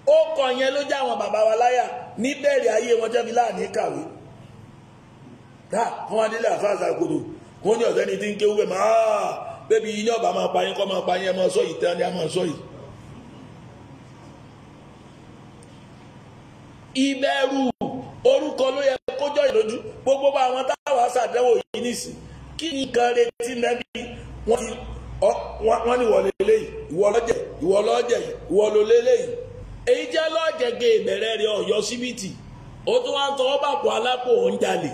Speaker 1: ó kọ yẹn ló jẹ́ àwọn bàbá wa láyà níbẹ̀rẹ̀ ayé wọn jẹ́ fi láàánú kàwé dáa kọ́ wá délé àfa àzàgòdò wọ́n ní ọ̀sẹ́ni tí ń kéwú bẹ́ẹ̀ máa bẹ́ẹ̀ bí yín ní ọ̀bà máa pa yín kọ́ máa pa yín ẹ máa sọ yìí tán ni a máa sọ yìí. ìbẹ̀rù orúkọ ló yẹ kójọ ìlójú gbogbo àwọn táwa ṣàdánwò yìí nìsín kí nǹkan retí mẹ́bí wọ́n ti wọ́n ní ìwọ̀lẹ̀ eléyìí ìwọ lọ́jẹ̀ ìwọ lọ́jẹ̀ ìwọ lọ́lẹ̀ eléyìí èyí jẹ́ lọ́jẹ̀ gé ìbẹ̀rẹ̀ rẹ̀ ọ̀yọ́ síbìtì ó tún wá ń tọwọ́ bàbọ̀ alápò òun jalè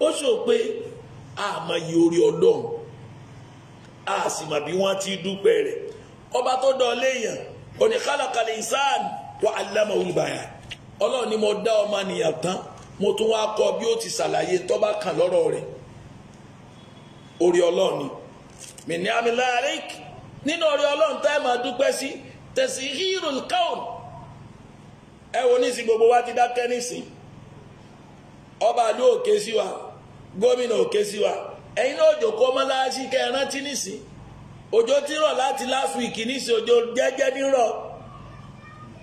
Speaker 1: ó sọ pé àmọye orí ọlọ́run a sì mà bí wọ́n ti dúpẹ́ rẹ̀ ọba tó dán léèyàn òní khalaqal insan wa allamahul bayan ọlọ́run ni mo dá ọmọ nìyàn tán mo tún wá kọ́ bí ó ti ṣàlàyé tó bá kàn lọ́rọ̀ orí ọlọ́run ni mìíní amíláàrík nínú orí ọlọ́run tá ẹ máa dúpẹ́ sí tẹ̀sí hírùl káùn ẹ wo nísìn gbogbo wa ti dákẹ́ nísìn ọba ló ké sí wa. gómìnà Òkèsíwà ẹ̀yin náà òjò kó mọ́láṣí kẹran tí nìsí òjò tí rọ láti last week nìsí òjò jẹ́jẹ́ nírọ̀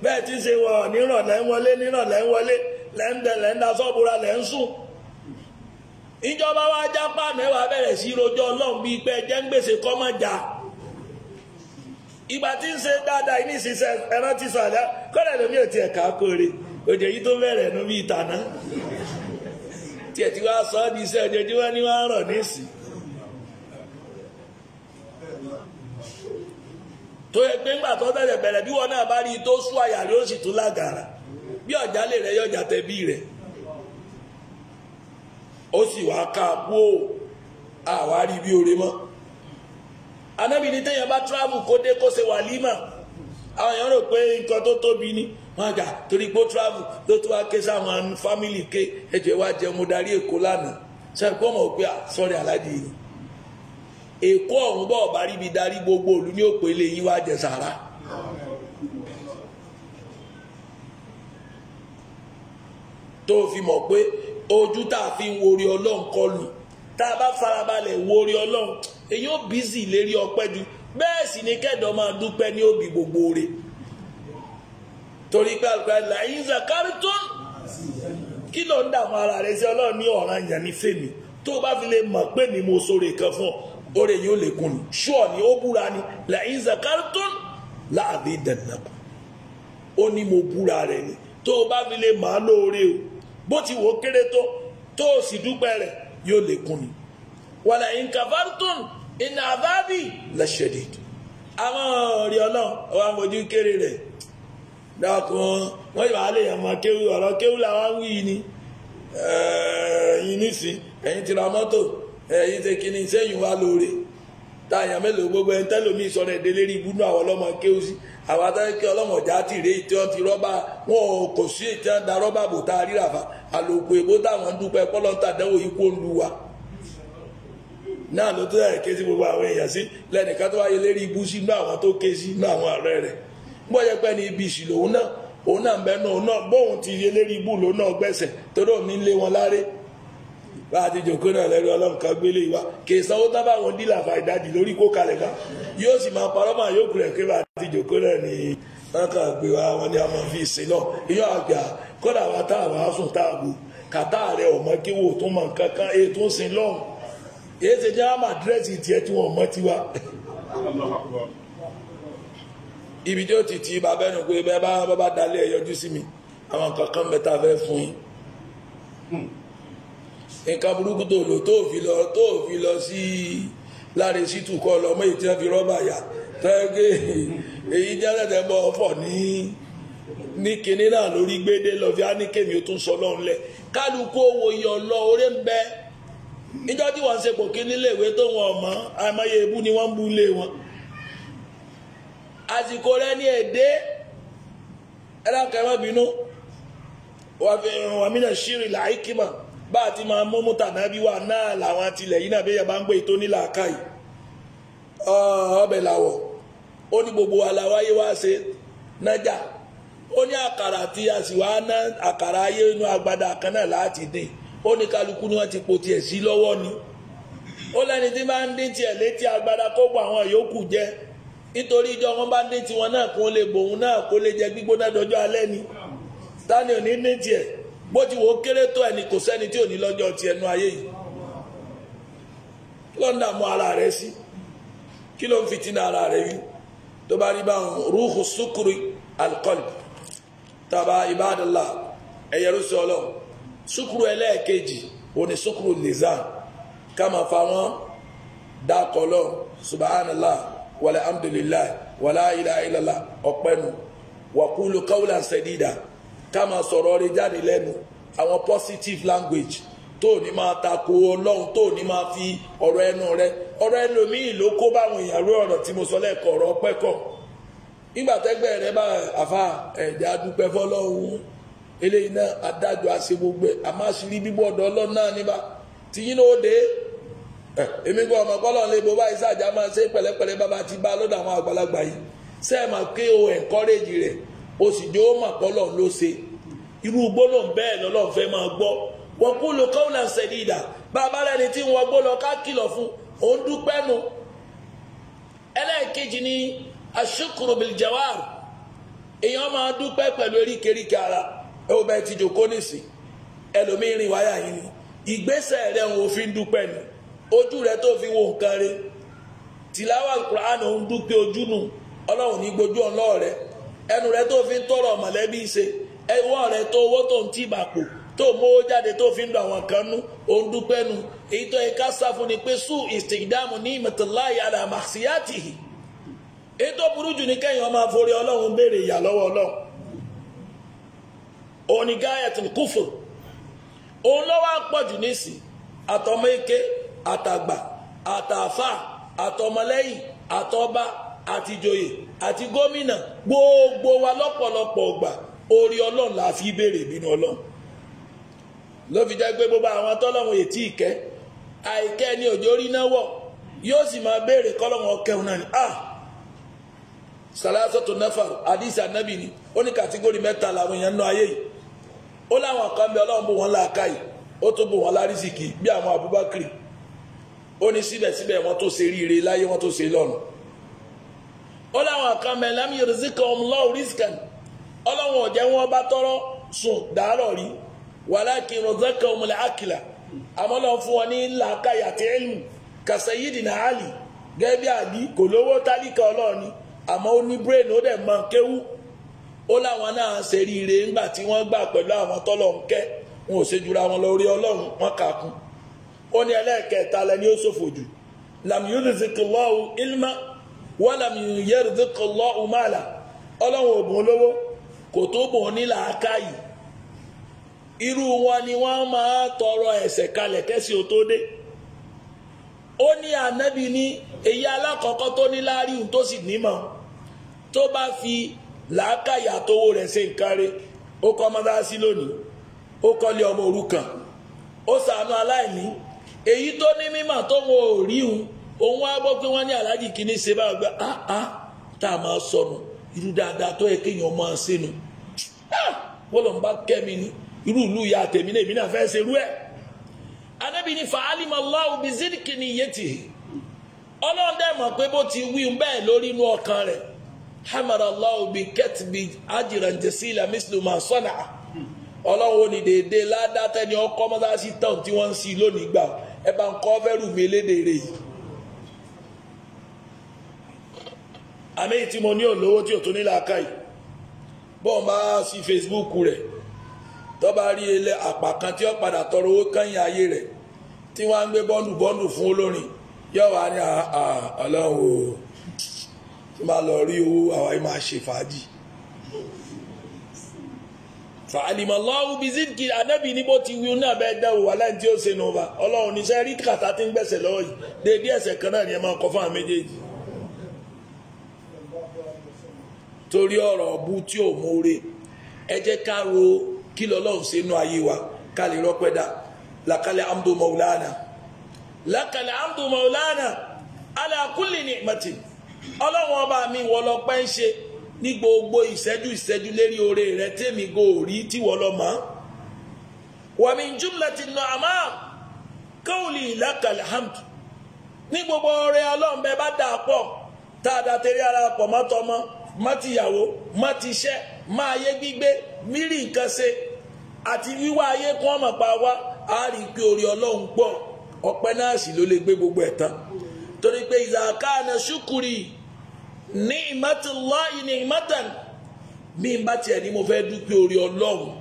Speaker 1: bẹ́ẹ̀ ti ṣe wọ̀ nírọ̀ lẹ́ ń wọlé nírọ̀ lẹ́ ń wọlé ìjọba wa jápá mẹ́wàá bẹ̀rẹ̀ sí rojọ́ ọlọ́run bíi pé ẹjẹ́ ń gbèsè kọ́mọ̀jà ìgbà tí ń ṣe dáadáa ní ìṣiṣẹ́ ẹran ti sàlẹ̀ kọ́lẹ̀ lómi ò tiẹ̀ ká kóore òjò yìí tó bẹ̀rẹ̀ bíi tàná. tí ẹ̀ ti wá sọ ọ́ di iṣẹ́ ojoojúmọ́ ni wọ́n rọ̀ nísì. tó yẹ pé ńgbà tó bẹ̀rẹ̀ bẹ̀rẹ̀ bí wọn náà bá rí i tó sú àyà ló sì tún lágara bí ọ̀já lè rẹ yọjà tẹ̀bí rẹ̀ ó sì wá ká kú ó àwa rí bí oore mọ́ anábìíní téèyàn bá tíráàmù kó dé kó ṣe wàlímà àwọn èèyàn rò pé nǹkan tó tóbi ni. wọn gà torí pé ó travel ló tún wá ké sáwọn fámìlì ké ẹjọ wa jẹ mo darí èkó lánàá sẹ́ni pé ọmọ òpè à sọ́rí èkó ọhún bọ̀ ọ̀bá ríbi darí gbogbo òlu ní òpè ilé wá jẹ sàrà. tó fi mọ̀ pé ojú tá a fi ń wori ọlọ́run kọlù tá a bá farabalẹ̀ wori ọlọ́run èyí ó bízì lérí ọpẹ́ ju bẹ́ẹ̀ sì ni kẹ́dọ̀ máa dúpẹ́ ní òbí gbogbo rẹ̀. torí pé àgbà làyín zakarítún kí ló ń dààmú ara rẹ sí ọlọ́run ní ọ̀ràn yẹn ní fèmí tó o bá fi lè mọ̀ pé ni mo sọ̀rọ̀ kan fún ọ oore yóò lè kun ni ni ó búra ni làyín zakarítún láàbí dẹ̀nàkù ó ní mo búra rẹ ni tó o bá fi lè máa lóore o bó ti wò ó kéré tó tó o sì dúpẹ́ rẹ̀ yóò lè kun ni wàlà ìǹkàfàtún ìnà àbábì lẹ́ṣẹ̀dẹ̀dù àwọn ọ̀rẹ́ ọlọ́run ọba àfojú kéré rẹ̀ dákun wọ́n yóò alẹ́ yẹn mọ kéwú ọ̀rọ̀ kéwú làwọn ń ni ẹ̀yin nísì ẹ̀yin ti ra ti kíni sẹ́yìn wa lóore tá a yàn mélòó gbogbo ibùdó àwọn sí àwọn ti rè tí ti wọn ò kò sí ètí wọn da rọ́bà bò tá a rí ràfà àlòkù èbó táwọn ń dúpẹ́ gbogbo àwọn èèyàn sí tó wáyé lérí àwọn tó bóyá pẹ́ ní ibi ìṣìlò òun náà òun náà bẹnu òun náà bóun ti yé lérí ibú lòun náà gbẹ̀sẹ̀ torí òun lé wọn láré bá a ti jòkó náà lẹ́rú ọlọ́run kan gbélé wa kì í sanwó tábà wọn dílà fàìdájì lórí kó kalẹ̀ kan yóò sì máa parọ́ máa yóò kúrẹ̀ pé bá a ti jòkó náà ní wọn kàn gbé wa wọn ni a máa fi ṣe náà ìyá àgbà kódà wa tá a wàá sùn tá a bù kàtà rẹ ọmọ kí wò tó mọ nǹkan kan sin lọ́hùn èyí ti jẹ́ àmà dírẹ́sì tiẹ̀ tí wọ́n mọ tiwa ibi tí ó ti ti bàbá ẹnu pé bẹ́ẹ̀ bá bàbá dalẹ̀ ẹ̀ yọjú sí mi àwọn kankan bẹ́ẹ̀ ta fẹ́ fún yín hmm. nǹkan burúkú tó lò tó fi lọ tó fi lọ sí láre sítù kọ́ lọ mọ́ ìtí wọn fi rọ́bà yà tẹ́gẹ́ èyí jẹ́rẹ̀ tẹ́ bọ́ ọ̀fọ̀ ní ní kinní náà lórí gbédè lọ fi á ní kémi ó tún sọ lọ́hùn lẹ̀ kálukú owó iye ọlọ orí ń bẹ níjọ́ tí wọ́n ń sepò kí níléèwé tó wọn ọ̀mọ́ àìmọye ebú ni wọ́n ń bú ilé wọn. àsìkò rẹ ní èdè ẹlẹ́kàá ẹ má ṣírí làákìmà bá a ti máa mọ́mú tànàbí wà náà làwọn àtìlẹ̀ yìí náà bẹ́yà bá ń pè tó nílà káyì ọbẹ̀ ó ní gbogbo ṣe nájà ó ní àkàrà tí a sì wá ná àkàrà ayé inú agbada kan náà láti dín ó ní kálukú ni ti po tiẹ̀ sí lọ́wọ́ ni ó lẹ́ni tí máa ń dín tiẹ̀ agbada kó àwọn yòókù nítorí ìjọ wọn bá dé tiwọn náà kó lè bòun náà kó lè jẹ gbígbóná dọjọ́ alẹ́ ni tani ò ní ní tiẹ̀ bó ti wò ó kéré tó ẹni kò sẹ́ni tí ò ní lọ́jọ́ ti ẹnu ayé yìí lọ́ndà mọ ara rẹ̀ sí kí ló ń fi tinú ara rẹ̀ wí tó bá rí báwọn rúùkù sukuri alqalb tàbá ibadallah ẹ̀yẹrú sí ọlọ́ sukuru ẹlẹ́ẹ̀kejì òun sukuru nizam ká wọn dákọ̀ lọ subhanallah walhamdulilayi wala ilaha illallah ọ̀pẹ́nu wakulu kawla sẹ́dídà ká máa sọ̀rọ̀ rẹ jáde lẹ́nu àwọn positive language tó ní máa tako ọlọ́run tó ní máa fi ọ̀rọ̀ ẹnu rẹ ọ̀rọ̀ ẹlòmíì ló kó báwọn èèyàn rú ọ̀rọ̀ tí mo sọ lẹ́ẹ̀kọ́ ọ̀rọ̀ ọpẹ́ kọ̀ nígbà tẹ́gbẹ́ rẹ bá àfa ẹ̀já dúpẹ́ fọlọ́run eléyìí náà adájọ́ àṣegbogbo àmọ́ àṣírí ọlọ́run náà níbà tìyín náà ó dé Eh, èmi gbọ́ ọmọ pọ́lọ́ lè bo báyìí sáàjà máa ṣe pẹ̀lẹ́pẹ̀lẹ́ bàbá ti bá lọ́dọ̀ àwọn àgbàlagbà yìí sẹ́ẹ̀mà kí o ẹ̀ńkọ́rẹ́jì rẹ̀ o sì jó mà pọ́lọ́ ló ṣe irú gbólóhùn bẹ́ẹ̀ lọ́lọ́run máa gbọ́ kú bàbá tí wọ́n lọ ká kìlọ̀ fún òun dúpẹ́ nu ojú rẹ tó fi wo nǹkan re tìláwà Qur'an ò ń dúpẹ́ ojú nù ọlọrun ní gbójú ọlọ́ọ̀ rẹ ẹnu fi ń tọrọ mọlẹbí ṣe ẹwọ́ rẹ tó owó tó ń tì bàpò tó mówó jáde tó fi ń lọ àwọn kan nú ò ń nù èyí tó yẹ ká ni pé sùn ìsìndáàmù ní èyí tó burú jù ní ọmọ àforí ọlọ́run béèrè ìyà ni òun àtàgbà àtàfà àtọmọlẹ́yìn àtọba àtìjòyè àti gómìnà gbogbo wa lọpọlọpọ ọgbà orí ọlọ́run la fi béèrè bínú ọlọ́run ló fi jẹ́ pé gbogbo àwọn tọ́lọ́run ètí ìkẹ́ àìkẹ́ ni òjò rí náà yóò sì máa béèrè kọ́lọ́run ọkẹ́hùn náà ni ah salasatu nafar hadisi anabi ni ó ní kàtígórì mẹ́ta làwọn èèyàn nú ayé yìí ó láwọn kan ó tún wọn bí àwọn Abubakar ó ní síbẹ̀síbẹ̀ wọn tó ṣe ríire láyé wọ́n tó ṣe lọ́run ó láwọn kan mẹ́ lámì rìsíkà ọmọláwò rìsíkàn ọlọ́run ọ̀jẹ̀ wọn bá tọrọ sùn dàárọ̀ rí wàláàkì rọ̀zákà ọmọlẹ̀ àkìlà àmọ́ fún wọn ní làákàyà tí àlì gẹ́gẹ́ bí àbí kò lówó tálíkà ni àmọ́ ó ní brain ó dẹ̀ mọ kéwú ó láwọn náà ṣe ríire ńgbà tí wọ́n gbà pẹ̀lú àwọn tọ́lọ̀ ń kẹ́ wọn ò ṣe jura wọn lọ rí ọlọ́run wọn onye eleke tala ni osofoju lam yurzikallahu ilma wa lam yurzikallahu mala olohun obun olowo ko to bo ni la kai iru wa ni wa ma toro ese kale kesi o to de o ni anabi ni eyi alakoko to ni la ri un to si nimo to ba fi la kai atowo re se nkare o ko loni o ko le omo orukan o sanu alaini èyí tó ní mímọ̀ tọ́wọ́ ò rí un òun á gbọ́ pé wọ́n ní aláàjì kìíní ṣe bá gbà á ah, ah, tá a máa sọnù irú dáadáa tó yẹ kéèyàn máa ṣe nu ah, wọ́n lọ́n bá kẹ́mi ni irú ìlú ìyá tèmi náà èmi náà fẹ́ ṣe irú ẹ̀ anábì ní fàálìmọ̀ láwù bí zidiki ni iye tì ọlọ́run dẹ̀ mọ̀ pé bó ti wí bẹ́ẹ̀ lórí inú ọkàn rẹ̀ hamara láwù bí kẹ́tìbí ajìrànjẹsí ilà mísìlùmọ̀ sọ́nà ọlọ́run ní dédé ládàtẹ́ ni ọkọ́ mọ́sáàsì tán tí wọ́n ń sí lónìí gbà ẹ bá ń kọ́ fẹ́rù mi léde rè yìí. àmì tí mo ní olówó tí ò tún nílà ká yìí bọ́ọ̀ bá sí Facebook rẹ̀ tó bá rí ilé àpà kan tí ó padà tọrọ owó kẹ́yìn ayé rẹ̀ tí wọ́n á ń gbé bọ́ọ̀lù bọ́ọ̀lù fún olórin yóò wá ní ọlọ́run o tí máa lọ rí owó àwa yìí máa ṣe fàájì fa alimallahu bizidki anabi níbo ti wí ní abẹ́ dẹ́wò aláìní tí ó ṣe nù ọlọ́run níṣẹ́ rí kàtà tí ń gbẹ̀sẹ̀ lọ́wọ́ yìí ẹ̀sẹ̀ kan náà ni ẹ máa kọ fún àwọn torí ọ̀rọ̀ maulana làkàlẹ̀ amdu maulana ọba mi lọ́pẹ́ ní gbogbo ìṣẹ́jú ìṣẹ́jú lérí oore rẹ tèmi go rí tíwọ́ lọ mọ́ wa min jumlatin ni'am qawli lakal hamd ní gbogbo oore ọlọ́run bẹ́ẹ̀ bá dà pọ̀ tá a dà tẹ̀lé ara pọ̀ mọ́tọ́mọ́ mọ́tìyàwó mọ́tìṣẹ́ máa yé gbígbé mírì nǹkan ṣe àti wíwá ayé kún ọmọ pa wá a rí i pé orí ọlọ́run pọ̀ ọpẹ́ náà sì ló lè gbé gbogbo ẹ̀ tán torí pé ìzàkáàna ṣúkúrì ni'matullahi ni'matan mi n bá tiẹ̀ ní mo fẹ́ dúpẹ́ orí ọlọ́run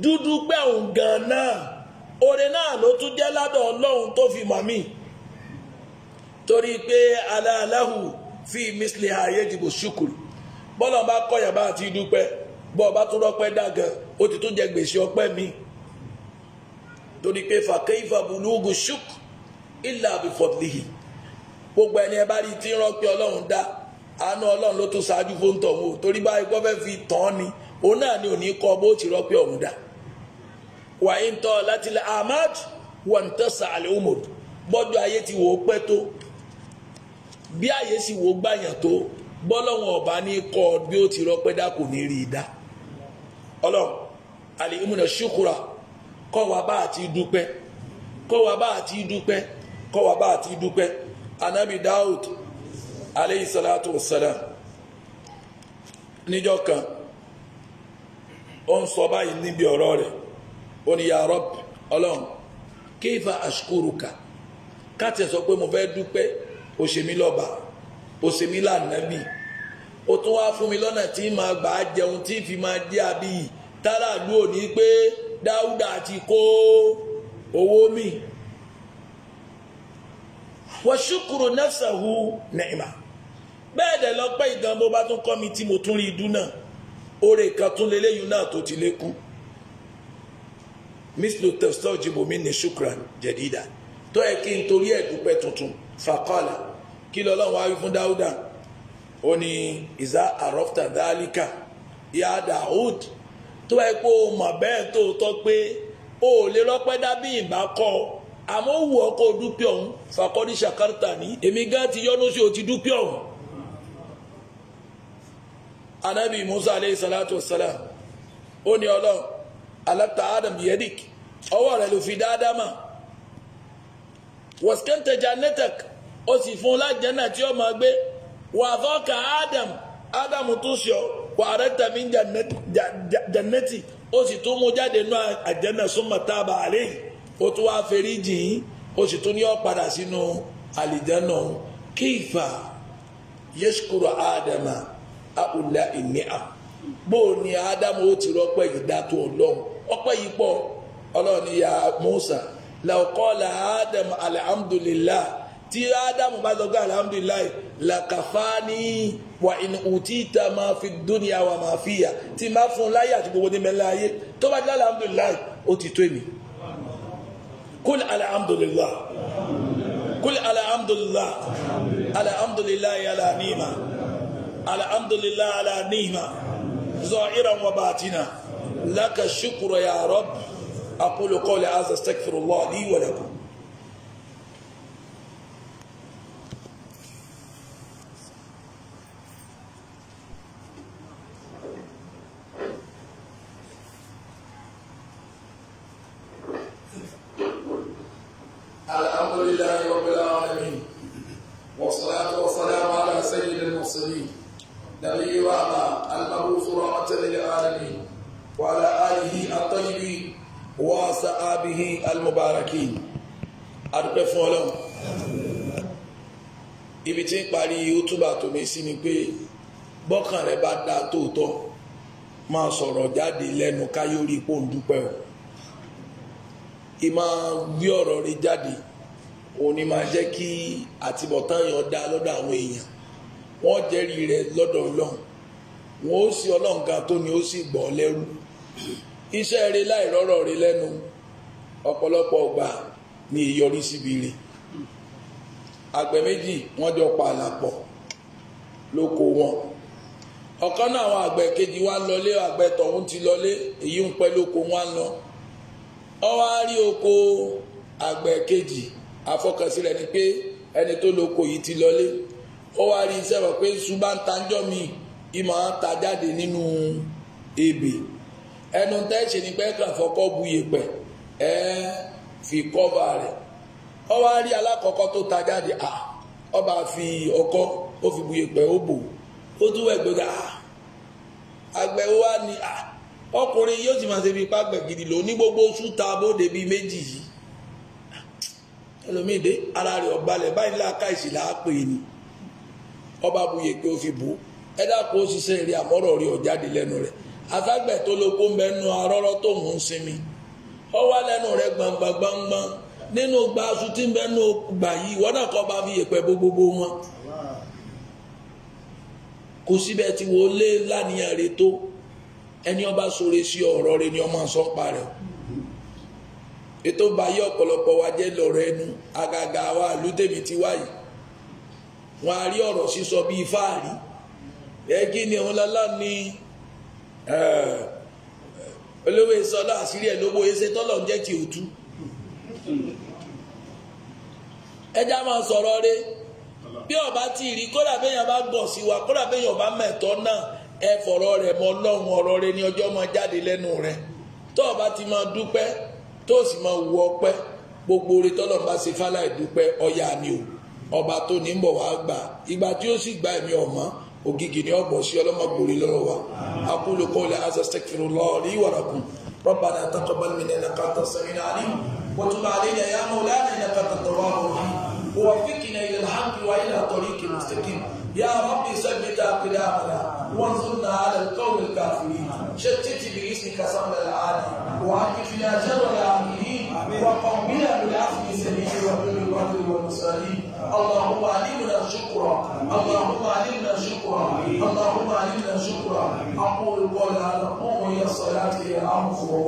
Speaker 1: dúdú pé òun gan náà oore náà ló tún jẹ́ ládọ̀ ọlọ́run tó fi mọ̀ mí torí pé aláàláhù fi mísìlì ààyè dìbò ṣùkùrù bọ́lá bá kọ̀yà bá àti dúpẹ́ bọ́ ọba tó rọ́pẹ́ dàgàn ó ti tún jẹ gbèsè ọpẹ́ mi torí pé fàkẹ́ ìfàbùlùgù ṣùk ìlà àbífọ̀dìlì gbogbo ẹni ẹ bá rí tí ń rọ́pẹ́ ọlọ́run dá àánú ọlọrun ló tún ṣáájú fún tọ̀hún o torí báyìí gbọ́ fẹ́ fi tán ni òun náà ni òní kọ́ bó ti rọ́pẹ́ ọ̀hún dà wàyí ń tọ́ láti lẹ ahmad wọn tẹ́ sàlẹ̀ umar gbọ́dọ̀ ayé ti wò ó pẹ́ tó bí ayé sì wò ó gbàyàn tó bọ́lọ́wọ́n ọba ní kọ́ bí ó ti rọ́pẹ́ dà kò ní rí i dá ọlọ́run àlè ìmúnà ṣùkúra kọ́ wa bá àti dúpẹ́ kọ́ wa bá àti dúpẹ́ kọ́ wa bá àti dúpẹ́ anabi daud alehi salatu wasalam níjọ́ kan ó ń sọ báyìí níbi ọ̀rọ̀ rẹ̀ ó ní ya Rabb ọlọ́run kéfà ashkuruka káàtì sọ pé mo fẹ́ dúpẹ́ ó ṣe ó tún wá fún mi lọ́nà tí jẹun tí fi máa jẹ́ àbíyì táràlú ò ní pé dáúdà ti kó owó mi wọ́n bẹ́ẹ̀ dẹ̀ lọ pẹ́ ìdán bó bá tún kọ́ mi tí mo tún rí idú náà oore kan tún leléyìí náà tó ti lékún mislu tefstor jibomi ni shukran jẹ̀dídà tó yẹ kí n torí ẹ̀ dúpẹ́ tuntun fàkọ́là kí lọ́lọ́run wá wí fún dáúdà ó ní ìzá àrọ́fta dálíkà ya Daud tó yẹ pé o mọ̀ bẹ́ẹ̀ tó tọ́ pé o ò lè rọ́pẹ́ dábì ìbá kọ́ ọ àmọ́ wù ọ́ kó o dúpẹ́ ọ̀hún fàkọ́dí ṣàkárìtà ní èmi gán ti yọ́nú sí o ti dúpẹ́ ọ̀hún anabi musa aleyhi salatu wasalam ó ní ọlọ́run alapta adam yedik ọwọ́ rẹ̀ ló fi dáadáa mà waskanta jannatak ó sì fún lájẹ́nà tí ó máa gbé wà fọ́ọ̀kà adam adam tún sọ wà rẹ̀ tàbí jannati ó sì tún mú jáde nú àjẹ́nà súnmọ́ tábà àlẹ́ ó tún wá fèrè jìn ó sì tún ní ó padà sínú àlìjẹ́nà kífà yẹ́sùkúrò ádámà àwùlà ìníà bó o ní ádámù ó ti rọpẹ́ yìí dátó ọlọ́run ọpẹ́ yìí pọ̀ ọlọ́run ní ya Musa làkọ́lá ádámù alhamdulilá tí ádámù bá sọ pé alhamdulilá làkàfáàní wà ní òtítà máa fi dúnìá wà máa fi yà tí máa fún un láyé àti gbogbo ní mẹ́lá ayé tó bá jẹ́ alhamdulilá ó ti tó èmi kúl alhamdulilá kúl alhamdulilá alhamdulilá yàrá níma. الحمد لله على نعمة ظاهرا وباطنا لك الشكر يا رب أقول قولي هذا استغفر الله لي ولكم الحمد لله رب العالمين والصلاة والسلام على سيد المرسلين نبي وأما المبعوث رحمة للعالمين وعلى آله الطيبين وصحابه المباركين adúpẹ́ fún ọlọ́run ibi tí ń parí youtube tó mi ni pé bọ́kàn rẹ bá dá ma máa sọ̀rọ̀ jáde lẹ́nu káyórí pò ń dúpẹ́ o ìmọ̀ gbé ọ̀rọ̀ rẹ jáde òun ni máa jẹ́ kí àtibọ̀tán yàn dá lọ́dọ̀ àwọn èèyàn wọ́n jẹ́rìí rẹ̀ lọ́dọ̀ ọlọ́run wọ́n ó sì ọlọ́run kan tó ni ó sì gbọ́ lẹ́rú iṣẹ́ rẹ̀ láì rọ́rọ̀ rẹ̀ lẹ́nu ọ̀pọ̀lọpọ̀ ọgbà ni ìyọrí síbi rẹ̀ àgbẹ̀ méjì wọ́n jọ pa àlàpọ̀ lóko wọn ọ̀kan náà àwọn àgbẹ̀ kejì wá lọlé àgbẹ̀ tọ̀hún ti lọlé èyí ń pẹ́ lóko wọn lọ ó wá rí oko àgbẹ̀ kejì àfọkànsí rẹ̀ ni pé ẹni tó lóko yìí ti lọlé ó wá rí iṣẹ́ rẹ̀ pé ń tanjọ́ mi ìmọ̀ ń ta jáde nínú ebè ẹnu tẹ́ ṣe ni pé kàn fọkọ́ bu yèpẹ̀ ẹ fi kọ́ba rẹ̀ ó wá rí alákọ̀ọ́kọ́ tó ta jáde à ọba fi ọkọ́ ó fi bu yèpẹ̀ ó bò ó tún wẹ̀ gbéga àgbẹ̀ wa ni à ọkùnrin yóò sì máa ṣe fi pàgbẹ̀ gidi lò ní gbogbo oṣù ta bóde bíi méjì yìí ẹlòmíì dé ara rẹ̀ ọ̀balẹ̀ báyìí láàka ìsìlá pè é ni ọba buyè pé ó fi bù ú ẹ dákun ó ṣiṣẹ́ eré àmọ́rọ̀ rí ọ jáde lẹ́nu rẹ̀ afẹ́gbẹ̀ tó lóko ń bẹ nu arọ́rọ́ tó ń sinmi ọ wá lẹ́nu rẹ̀ gbọ̀ngbọ̀ngbọ̀ngbọ̀n nínú gba aṣọ tí ń bẹ nu gbà yìí wọ́n náà kọ́ bá fi yèpẹ̀ bó wọn kò síbẹ̀ tí wọ́n lé lánìyàn rẹ̀ tó ẹni ọba sọre sí ọ̀rọ̀ rẹ̀ ni ọmọ sọ́pa rẹ̀ ètò báyé ọ̀pọ̀lọpọ̀ wa lọ́rọ̀ ẹnu àgàgà wa àlùtẹ̀mí ti wáyìí wọn á rí ọ̀rọ̀ sísọ bíi fáàrí ẹ̀kí ni òun lọ́lá ni olówó sọlá àṣírí ẹ̀ lówó ẹsẹ̀ tọ́lọ̀ ń jẹ́ ti òtú ẹja máa sọ̀rọ̀ rẹ bí ọba ti rí kódà béèyàn bá gbọ̀ sí wa kódà béèyàn bá mẹ̀tọ́ náà ẹ fọ̀rọ̀ rẹ̀ mọ ọlọ́run ọ̀rọ̀ rẹ ní ọjọ́ máa jáde lẹ́nu rẹ tó ọba ti máa dúpẹ́ tó sì máa wù ọpẹ́ gbogbo orí tọ́lọ́run bá ṣe fáláì dúpẹ́ ọ̀yà ni o. ọba tó ní ń bọ̀ wá gbà ìgbà tí ó sì gba ẹ̀mí ọ̀mọ́ ògìgì ni ọ̀bọ̀ sí ọlọ́mọgbòrè lọ́rọ̀ wa aqulu qawli hadha astaghfirullaha li wa lakum rabbana taqabbal minna innaka antas samiul alim wa tub alayna ya mawlana innaka antat tawwabur rahim ووفقنا إلى الحق وإلى طريق مستقيم يا ربي ثبت أقدامنا وانصرنا على القوم الكافرين شتت باسمك صمد العالي وأكفنا شر العاملين وقومنا بالعفو سبيل وبالبر والمصالين اللهم علمنا شكرا اللهم علمنا شكرا اللهم علمنا شكرا اقول قول هذا قوموا الى صلاتي يا أمخر